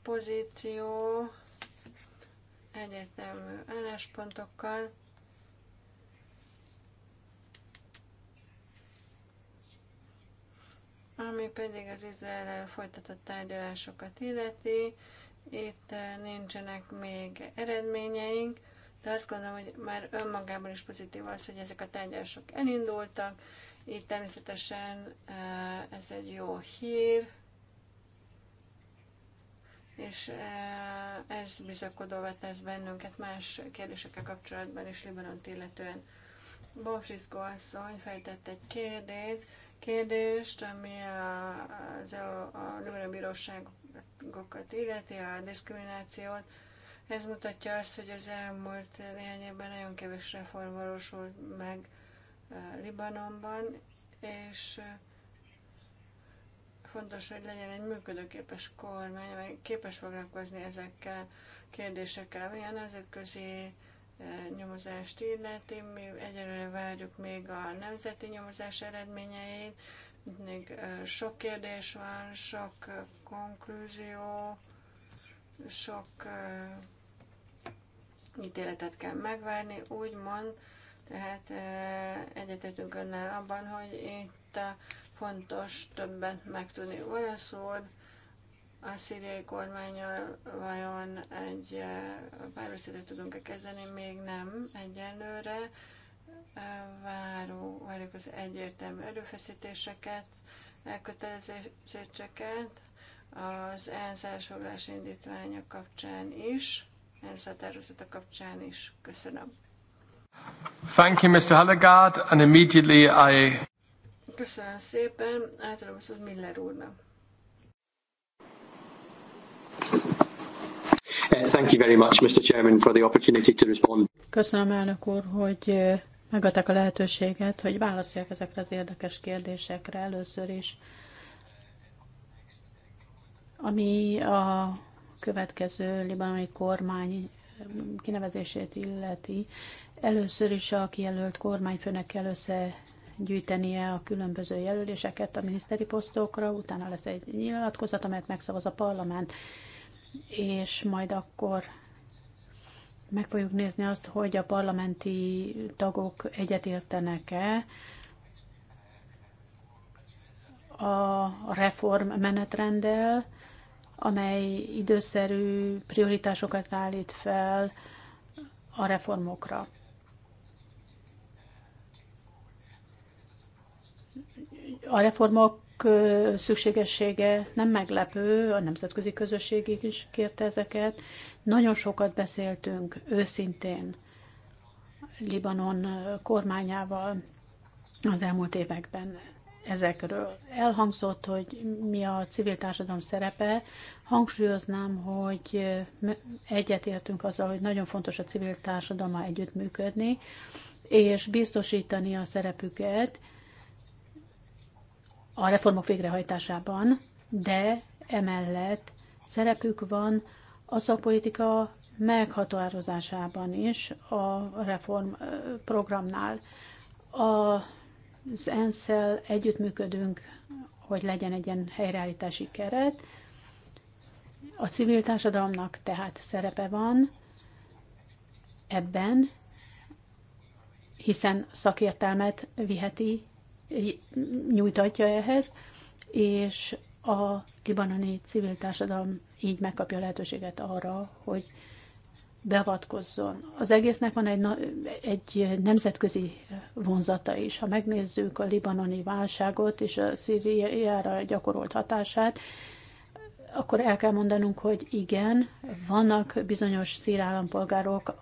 pozíció, egyértelmű álláspontokkal. Ami pedig az izrael folytatott tárgyalásokat illeti, itt eh, nincsenek még eredményeink, de azt gondolom, hogy már önmagában is pozitív az, hogy ezek a tárgyalások elindultak, így természetesen eh, ez egy jó hír, és eh, ez bizakodóvá tesz bennünket más kérdésekkel kapcsolatban is Libanon illetően. Bonfrisco asszony fejtett egy kérdést, kérdést, ami a, az a, a nőrebíróságokat illeti, a diszkriminációt. Ez mutatja azt, hogy az elmúlt néhány évben nagyon kevés reform valósult meg eh, Libanonban, és eh, fontos, hogy legyen egy működőképes kormány, amely képes foglalkozni ezekkel kérdésekkel, ami a nemzetközi nyomozást illeti. Mi egyelőre várjuk még a nemzeti nyomozás eredményeit. Még sok kérdés van, sok konklúzió, sok ítéletet kell megvárni, úgymond, tehát egyetetünk önnel abban, hogy itt fontos többet megtudni. olaszul, a szíriai kormányal vajon egy eh, párbeszédet tudunk-e kezdeni? Még nem egyelőre. Eh, váró, várjuk az egyértelmű erőfeszítéseket, elkötelezettségeket, az ENSZ elsoglás indítványa kapcsán is, ENSZ határozata kapcsán is. Köszönöm.
Thank you, Mr. Hallegard, and immediately I...
Köszönöm szépen, átadom ezt Miller úrnak.
Thank you very much, Mr. Chairman,
for the opportunity to respond.
Köszönöm, elnök úr, hogy megadták a lehetőséget, hogy válaszoljak ezekre az érdekes kérdésekre először is. Ami a következő libanoni kormány kinevezését illeti, először is a kijelölt kormányfőnek kell összegyűjtenie a különböző jelöléseket a miniszteri posztokra, utána lesz egy nyilatkozat, amelyet megszavaz a parlament és majd akkor meg fogjuk nézni azt, hogy a parlamenti tagok egyetértenek-e a reform menetrenddel, amely időszerű prioritásokat állít fel a reformokra. A reformok szükségessége nem meglepő, a nemzetközi közösség is kérte ezeket. Nagyon sokat beszéltünk őszintén Libanon kormányával az elmúlt években ezekről. Elhangzott, hogy mi a civil társadalom szerepe. Hangsúlyoznám, hogy egyetértünk azzal, hogy nagyon fontos a civil társadalma együttműködni, és biztosítani a szerepüket, a reformok végrehajtásában, de emellett szerepük van a szakpolitika meghatározásában is a reform programnál. Az ensz együttműködünk, hogy legyen egy ilyen helyreállítási keret. A civil társadalomnak tehát szerepe van ebben, hiszen szakértelmet viheti nyújtatja ehhez, és a libanoni civil társadalom így megkapja lehetőséget arra, hogy beavatkozzon. Az egésznek van egy, egy nemzetközi vonzata is. Ha megnézzük a libanoni válságot és a Szíriára gyakorolt hatását, akkor el kell mondanunk, hogy igen, vannak bizonyos szír állampolgárok,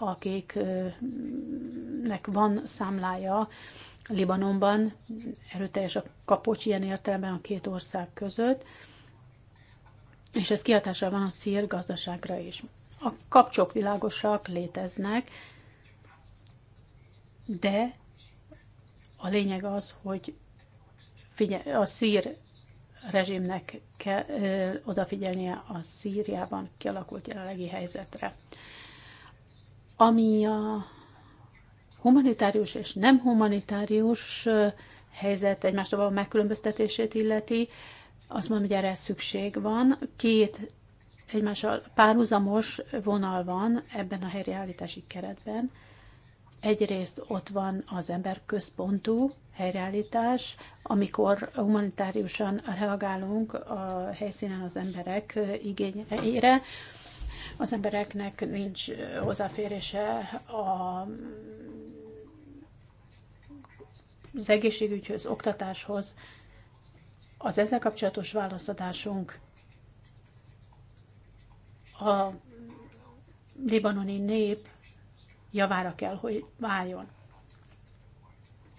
akiknek van számlája Libanonban, erőteljes a kapocs ilyen értelemben a két ország között, és ez kihatással van a szír gazdaságra is. A kapcsok világosak, léteznek, de a lényeg az, hogy figyel, a szír rezsimnek kell ö, odafigyelnie a Szíriában kialakult jelenlegi helyzetre. Ami a humanitárius és nem humanitárius helyzet egymástól való megkülönböztetését illeti, azt mondom, hogy erre szükség van. Két egymással párhuzamos vonal van ebben a helyreállítási keretben. Egyrészt ott van az ember központú helyreállítás, amikor humanitáriusan reagálunk a helyszínen az emberek igényeire. Az embereknek nincs hozzáférése a az egészségügyhöz, oktatáshoz. Az ezzel kapcsolatos válaszadásunk a libanoni nép javára kell, hogy váljon.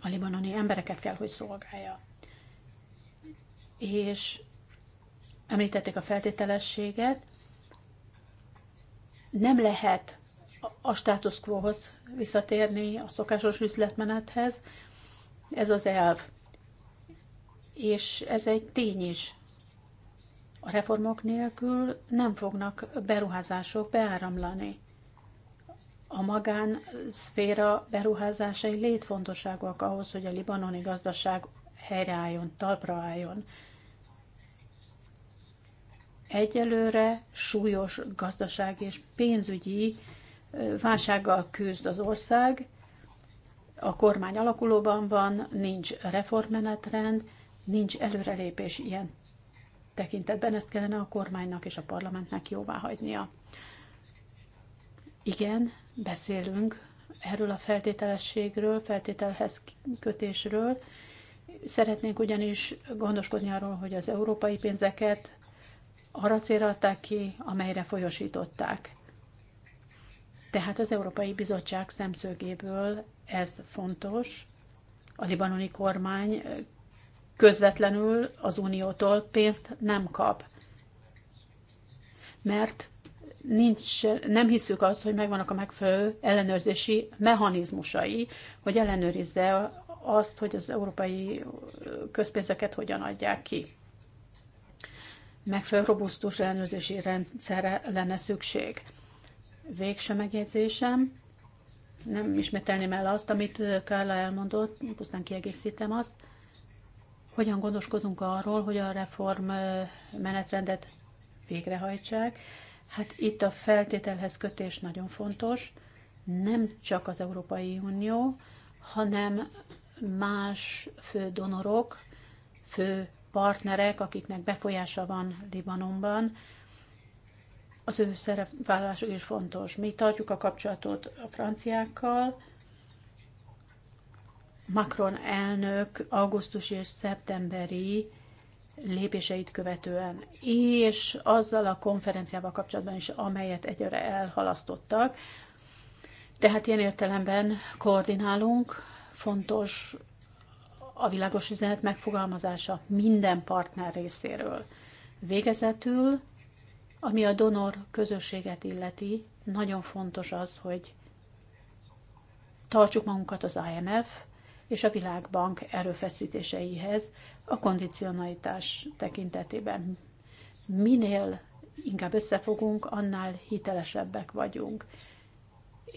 A libanoni embereket kell, hogy szolgálja. És említették a feltételességet, nem lehet a status quo-hoz visszatérni, a szokásos üzletmenethez, ez az elv. És ez egy tény is. A reformok nélkül nem fognak beruházások beáramlani. A magán szféra beruházásai létfontosságúak ahhoz, hogy a libanoni gazdaság helyreálljon, talpra álljon. Egyelőre súlyos gazdasági és pénzügyi válsággal küzd az ország, a kormány alakulóban van, nincs reformmenetrend, nincs előrelépés ilyen tekintetben. Ezt kellene a kormánynak és a parlamentnek jóvá hagynia. Igen, beszélünk erről a feltételességről, feltételhez kötésről. Szeretnénk ugyanis gondoskodni arról, hogy az európai pénzeket arra célralták ki, amelyre folyosították. Tehát az Európai Bizottság szemszögéből ez fontos. A libanoni kormány közvetlenül az uniótól pénzt nem kap, mert nincs, nem hiszük azt, hogy megvannak a megfelelő ellenőrzési mechanizmusai, hogy ellenőrizze azt, hogy az európai közpénzeket hogyan adják ki. Megfelelő robusztus ellenőrzési rendszerre lenne szükség. Végső megjegyzésem, nem ismételném el azt, amit Kála elmondott, pusztán kiegészítem azt, hogyan gondoskodunk arról, hogy a reform menetrendet végrehajtsák. Hát itt a feltételhez kötés nagyon fontos, nem csak az Európai Unió, hanem más fő donorok, fő partnerek, akiknek befolyása van Libanonban, az ő szerepvállalásuk is fontos. Mi tartjuk a kapcsolatot a franciákkal. Macron elnök augusztus és szeptemberi lépéseit követően, és azzal a konferenciával kapcsolatban is, amelyet egyre elhalasztottak. Tehát ilyen értelemben koordinálunk, fontos a világos üzenet megfogalmazása minden partner részéről. Végezetül ami a donor közösséget illeti, nagyon fontos az, hogy tartsuk magunkat az IMF és a Világbank erőfeszítéseihez a kondicionalitás tekintetében. Minél inkább összefogunk, annál hitelesebbek vagyunk.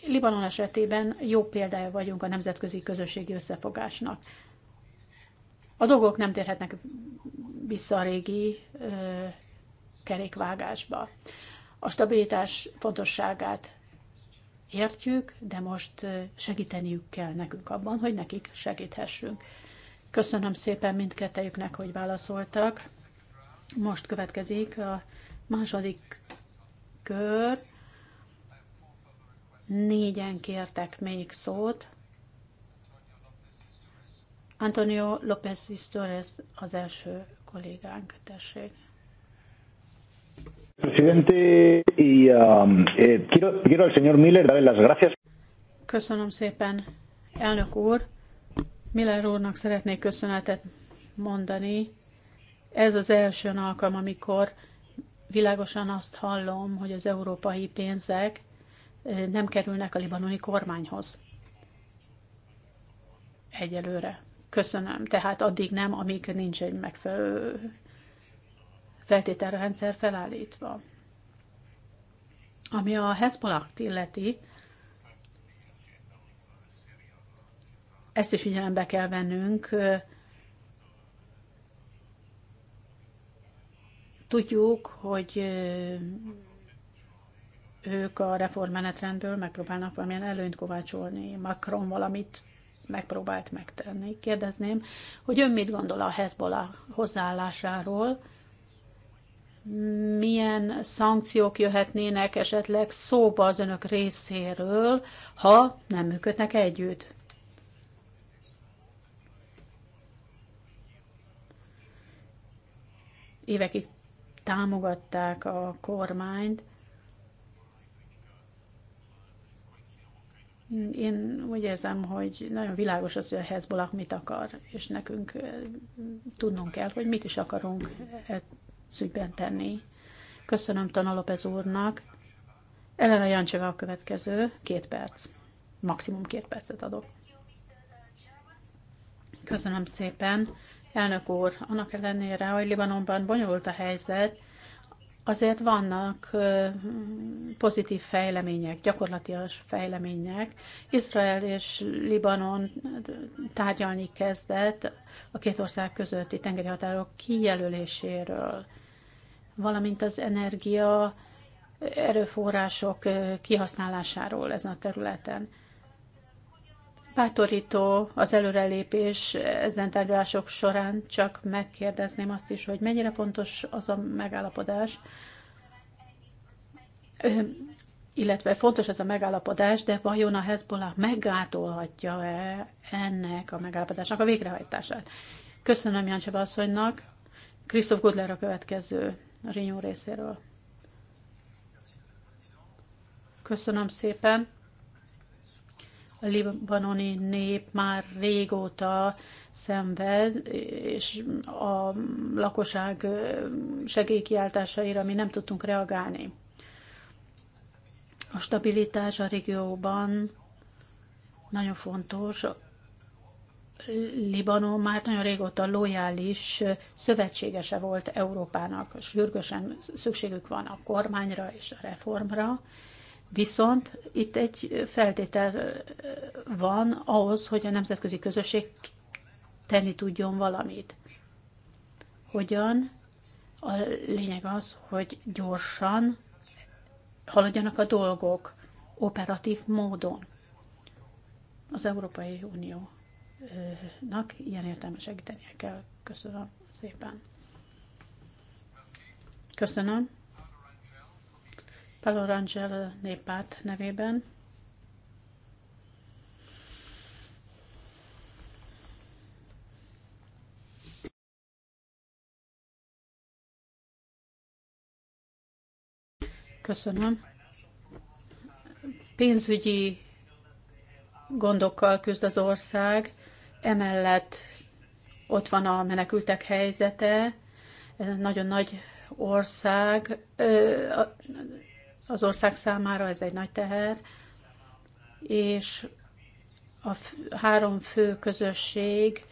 Libanon esetében jó példája vagyunk a nemzetközi közösségi összefogásnak. A dolgok nem térhetnek vissza a régi kerékvágásba. A stabilitás fontosságát értjük, de most segíteniük kell nekünk abban, hogy nekik segíthessünk. Köszönöm szépen mindkettejüknek, hogy válaszoltak. Most következik a második kör. Négyen kértek még szót. Antonio López Istores az első kollégánk, tessék.
Presidente, y um, eh, quiero, quiero al señor Miller darle las gracias.
Köszönöm szépen, elnök úr. Miller úrnak szeretnék köszönetet mondani. Ez az első alkalom, amikor világosan azt hallom, hogy az európai pénzek eh, nem kerülnek a libanoni kormányhoz. Egyelőre. Köszönöm. Tehát addig nem, amíg nincs egy megfelelő feltételrendszer felállítva. Ami a Hezbollah-t illeti, ezt is figyelembe kell vennünk. Tudjuk, hogy ők a reformmenetrendből megpróbálnak valamilyen előnyt kovácsolni. Macron valamit megpróbált megtenni. Kérdezném, hogy ön mit gondol a Hezbollah hozzáállásáról, milyen szankciók jöhetnének esetleg szóba az önök részéről, ha nem működnek együtt? Évekig támogatták a kormányt. Én úgy érzem, hogy nagyon világos az, hogy a Hezbollah mit akar, és nekünk eh, tudnunk kell, hogy mit is akarunk ügyben tenni. Köszönöm Tana López úrnak. Elena Jancseva a következő, két perc. Maximum két percet adok. Köszönöm szépen. Elnök úr, annak ellenére, hogy Libanonban bonyolult a helyzet, azért vannak pozitív fejlemények, gyakorlatilag fejlemények. Izrael és Libanon tárgyalni kezdett a két ország közötti tengeri határok kijelöléséről valamint az energia erőforrások kihasználásáról ezen a területen. Bátorító az előrelépés ezen tárgyalások során, csak megkérdezném azt is, hogy mennyire fontos az a megállapodás, illetve fontos ez a megállapodás, de vajon a Hezbollah megátolhatja-e ennek a megállapodásnak a végrehajtását? Köszönöm Jancseva asszonynak. Krisztóf Gudler a következő a Rinyó részéről. Köszönöm szépen. A libanoni nép már régóta szenved, és a lakosság segélykiáltásaira mi nem tudtunk reagálni. A stabilitás a régióban nagyon fontos, Libanon már nagyon régóta lojális szövetségese volt Európának. Sürgősen szükségük van a kormányra és a reformra, viszont itt egy feltétel van ahhoz, hogy a nemzetközi közösség tenni tudjon valamit. Hogyan? A lényeg az, hogy gyorsan haladjanak a dolgok operatív módon. Az Európai Unió nak ilyen értelme segítenie kell. Köszönöm szépen. Köszönöm. Palo Rangel népát nevében.
Köszönöm.
Pénzügyi gondokkal küzd az ország. Emellett ott van a menekültek helyzete, ez egy nagyon nagy ország, az ország számára ez egy nagy teher, és a három fő közösség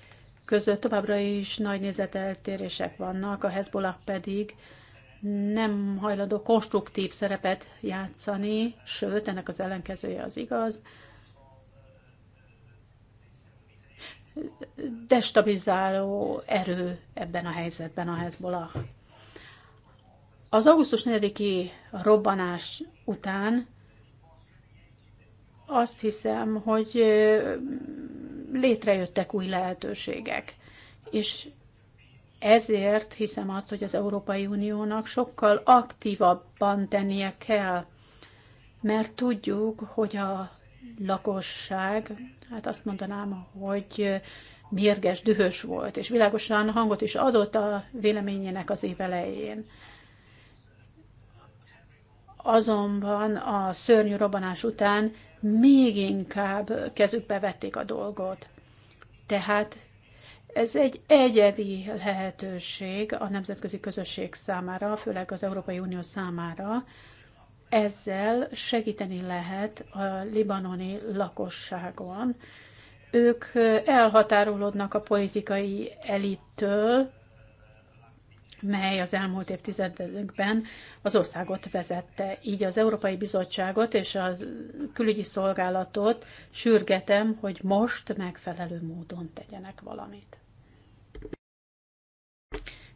között továbbra is nagy nézeteltérések vannak, a Hezbollah pedig nem hajlandó konstruktív szerepet játszani, sőt, ennek az ellenkezője az igaz. destabilizáló erő ebben a helyzetben a Hezbollah. Az augusztus 4-i robbanás után azt hiszem, hogy létrejöttek új lehetőségek. És ezért hiszem azt, hogy az Európai Uniónak sokkal aktívabban tennie kell, mert tudjuk, hogy a lakosság hát azt mondanám, hogy mérges, dühös volt, és világosan hangot is adott a véleményének az év elején. Azonban a szörnyű robbanás után még inkább kezükbe vették a dolgot. Tehát ez egy egyedi lehetőség a nemzetközi közösség számára, főleg az Európai Unió számára, ezzel segíteni lehet a libanoni lakosságon. Ők elhatárolódnak a politikai elittől, mely az elmúlt évtizedekben az országot vezette. Így az Európai Bizottságot és a külügyi szolgálatot sürgetem, hogy most megfelelő módon tegyenek valamit.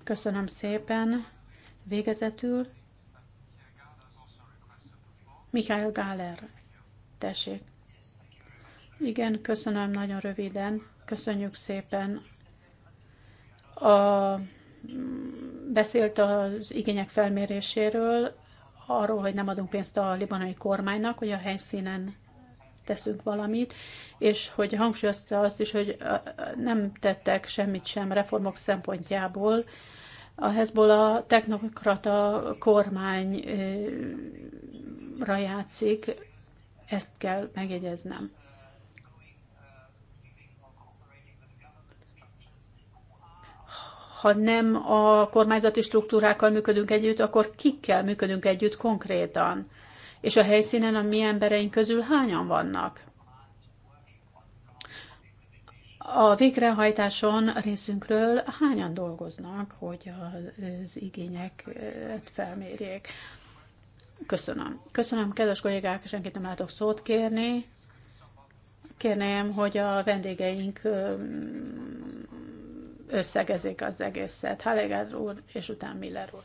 Köszönöm szépen. Végezetül Mikhail Gáler, tessék. Igen, köszönöm nagyon röviden. Köszönjük szépen. A, beszélt az igények felméréséről, arról, hogy nem adunk pénzt a libanai kormánynak, hogy a helyszínen teszünk valamit, és hogy hangsúlyozta azt is, hogy nem tettek semmit sem reformok szempontjából. A Hezbollah technokrata kormány ra játszik, ezt kell megjegyeznem. Ha nem a kormányzati struktúrákkal működünk együtt, akkor kikkel működünk együtt konkrétan? És a helyszínen a mi embereink közül hányan vannak? A végrehajtáson részünkről hányan dolgoznak, hogy az igényeket felmérjék? Köszönöm. Köszönöm, kedves kollégák, senkit nem látok szót kérni. Kérném, hogy a vendégeink összegezik az egészet. Halegáz úr, és utána Miller úr.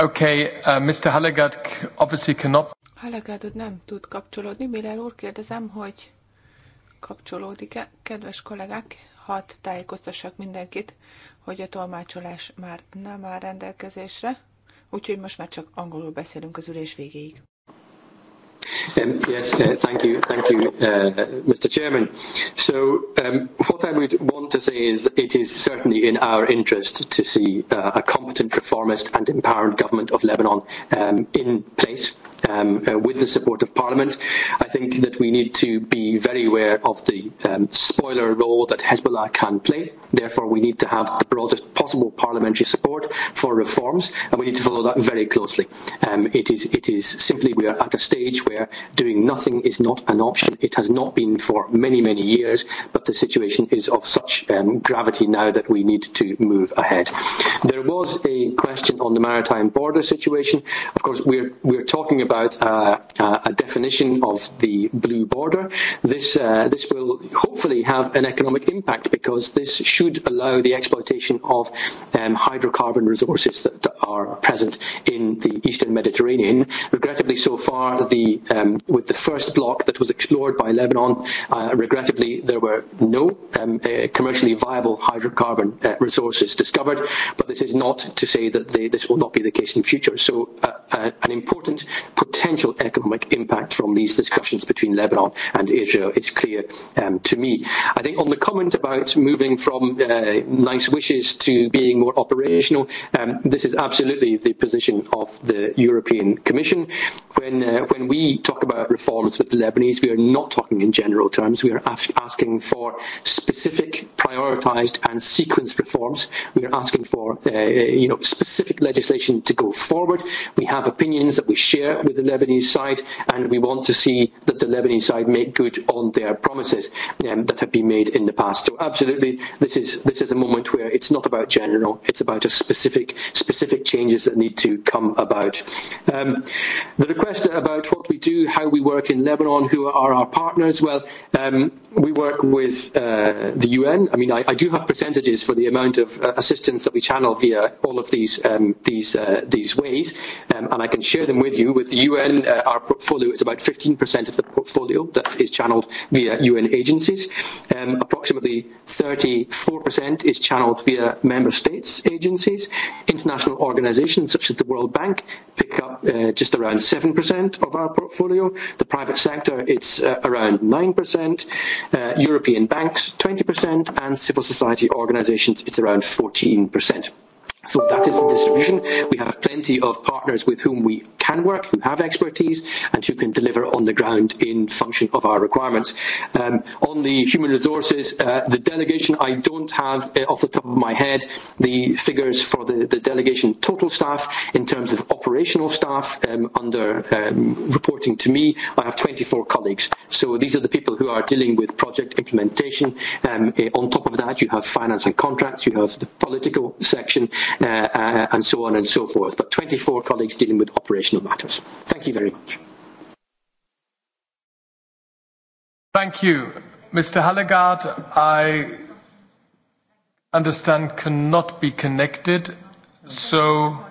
Okay, uh, Mr. Hallegard obviously cannot...
Hallegard nem tud kapcsolódni. Miller úr, kérdezem, hogy kapcsolódik-e? Kedves kollégák, hadd tájékoztassak mindenkit, hogy a tolmácsolás már nem áll rendelkezésre, úgyhogy most már csak angolul beszélünk az ülés végéig.
Um, yes, uh, thank you, thank you, uh, Mr. Chairman. So, um, what I would want to say is, it is certainly in our interest to see uh, a competent, reformist, and empowered government of Lebanon um, in place um, uh, with the support of Parliament. I think that we need to be very aware of the um, spoiler role that Hezbollah can play. Therefore, we need to have the broadest possible parliamentary support for reforms, and we need to follow that very closely. Um, it is it is simply we are at a stage where doing nothing is not an option. It has not been for many, many years, but the situation is of such um, gravity now that we need to move ahead. There was a question on the maritime border situation. Of course, we're, we're talking about uh, uh a definition of the blue border. This, uh, this will hopefully have an economic impact because this should allow the exploitation of um, hydrocarbon resources that are present in the eastern Mediterranean. Regrettably, so far, the uh, um, with the first block that was explored by Lebanon. Uh, regrettably, there were no um, uh, commercially viable hydrocarbon uh, resources discovered, but this is not to say that they, this will not be the case in future. So, uh, uh, an important potential economic impact from these discussions between Lebanon and Israel is clear um, to me. I think on the comment about moving from uh, nice wishes to being more operational, um, this is absolutely the position of the European Commission. When uh, when we talk about reforms with the Lebanese, we are not talking in general terms. We are asking for specific, prioritised, and sequenced reforms. We are asking for uh, you know specific legislation to go forward. We have opinions that we share with the Lebanese side, and we want to see that the Lebanese side make good on their promises um, that have been made in the past. So absolutely, this is this is a moment where it's not about general; it's about a specific specific changes that need to come about. Um, the request about what we do how we work in Lebanon, who are our partners? Well, um, we work with uh, the UN. I mean, I, I do have percentages for the amount of uh, assistance that we channel via all of these um, these uh, these ways, um, and I can share them with you. With the UN, uh, our portfolio is about 15% of the portfolio that is channeled via UN agencies. Um, approximately 34% is channeled via member states agencies. International organisations such as the World Bank pick up uh, just around 7% of our portfolio portfolio. The private sector, it's uh, around 9%, uh, European banks, 20%, and civil society organizations, it's around 14%. So that is the distribution. We have plenty of partners with whom we can work, who have expertise, and who can deliver on the ground in function of our requirements. Um, on the human resources, uh, the delegation, I don't have uh, off the top of my head the figures for the, the delegation total staff in terms of operational staff um, under um, reporting to me. I have 24 colleagues. So these are the people who are dealing with project implementation. Um, uh, on top of that, you have finance and contracts, you have the political section Uh, uh, and so on and so forth. But 24 colleagues dealing with operational matters. Thank you very much.
Thank you. Mr. Hallegard, I understand cannot be connected, so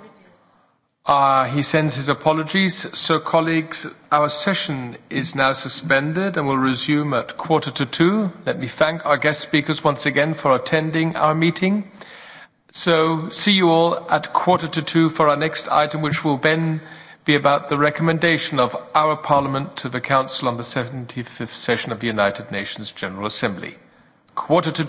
uh, he sends his apologies. So, colleagues, our session is now suspended and will resume at quarter to two. Let me thank our guest speakers once again for attending our meeting. So see you all at quarter to two for our next item, which will then be about the recommendation of our Parliament to the Council on the 75th session of the United Nations General Assembly. Quarter to two.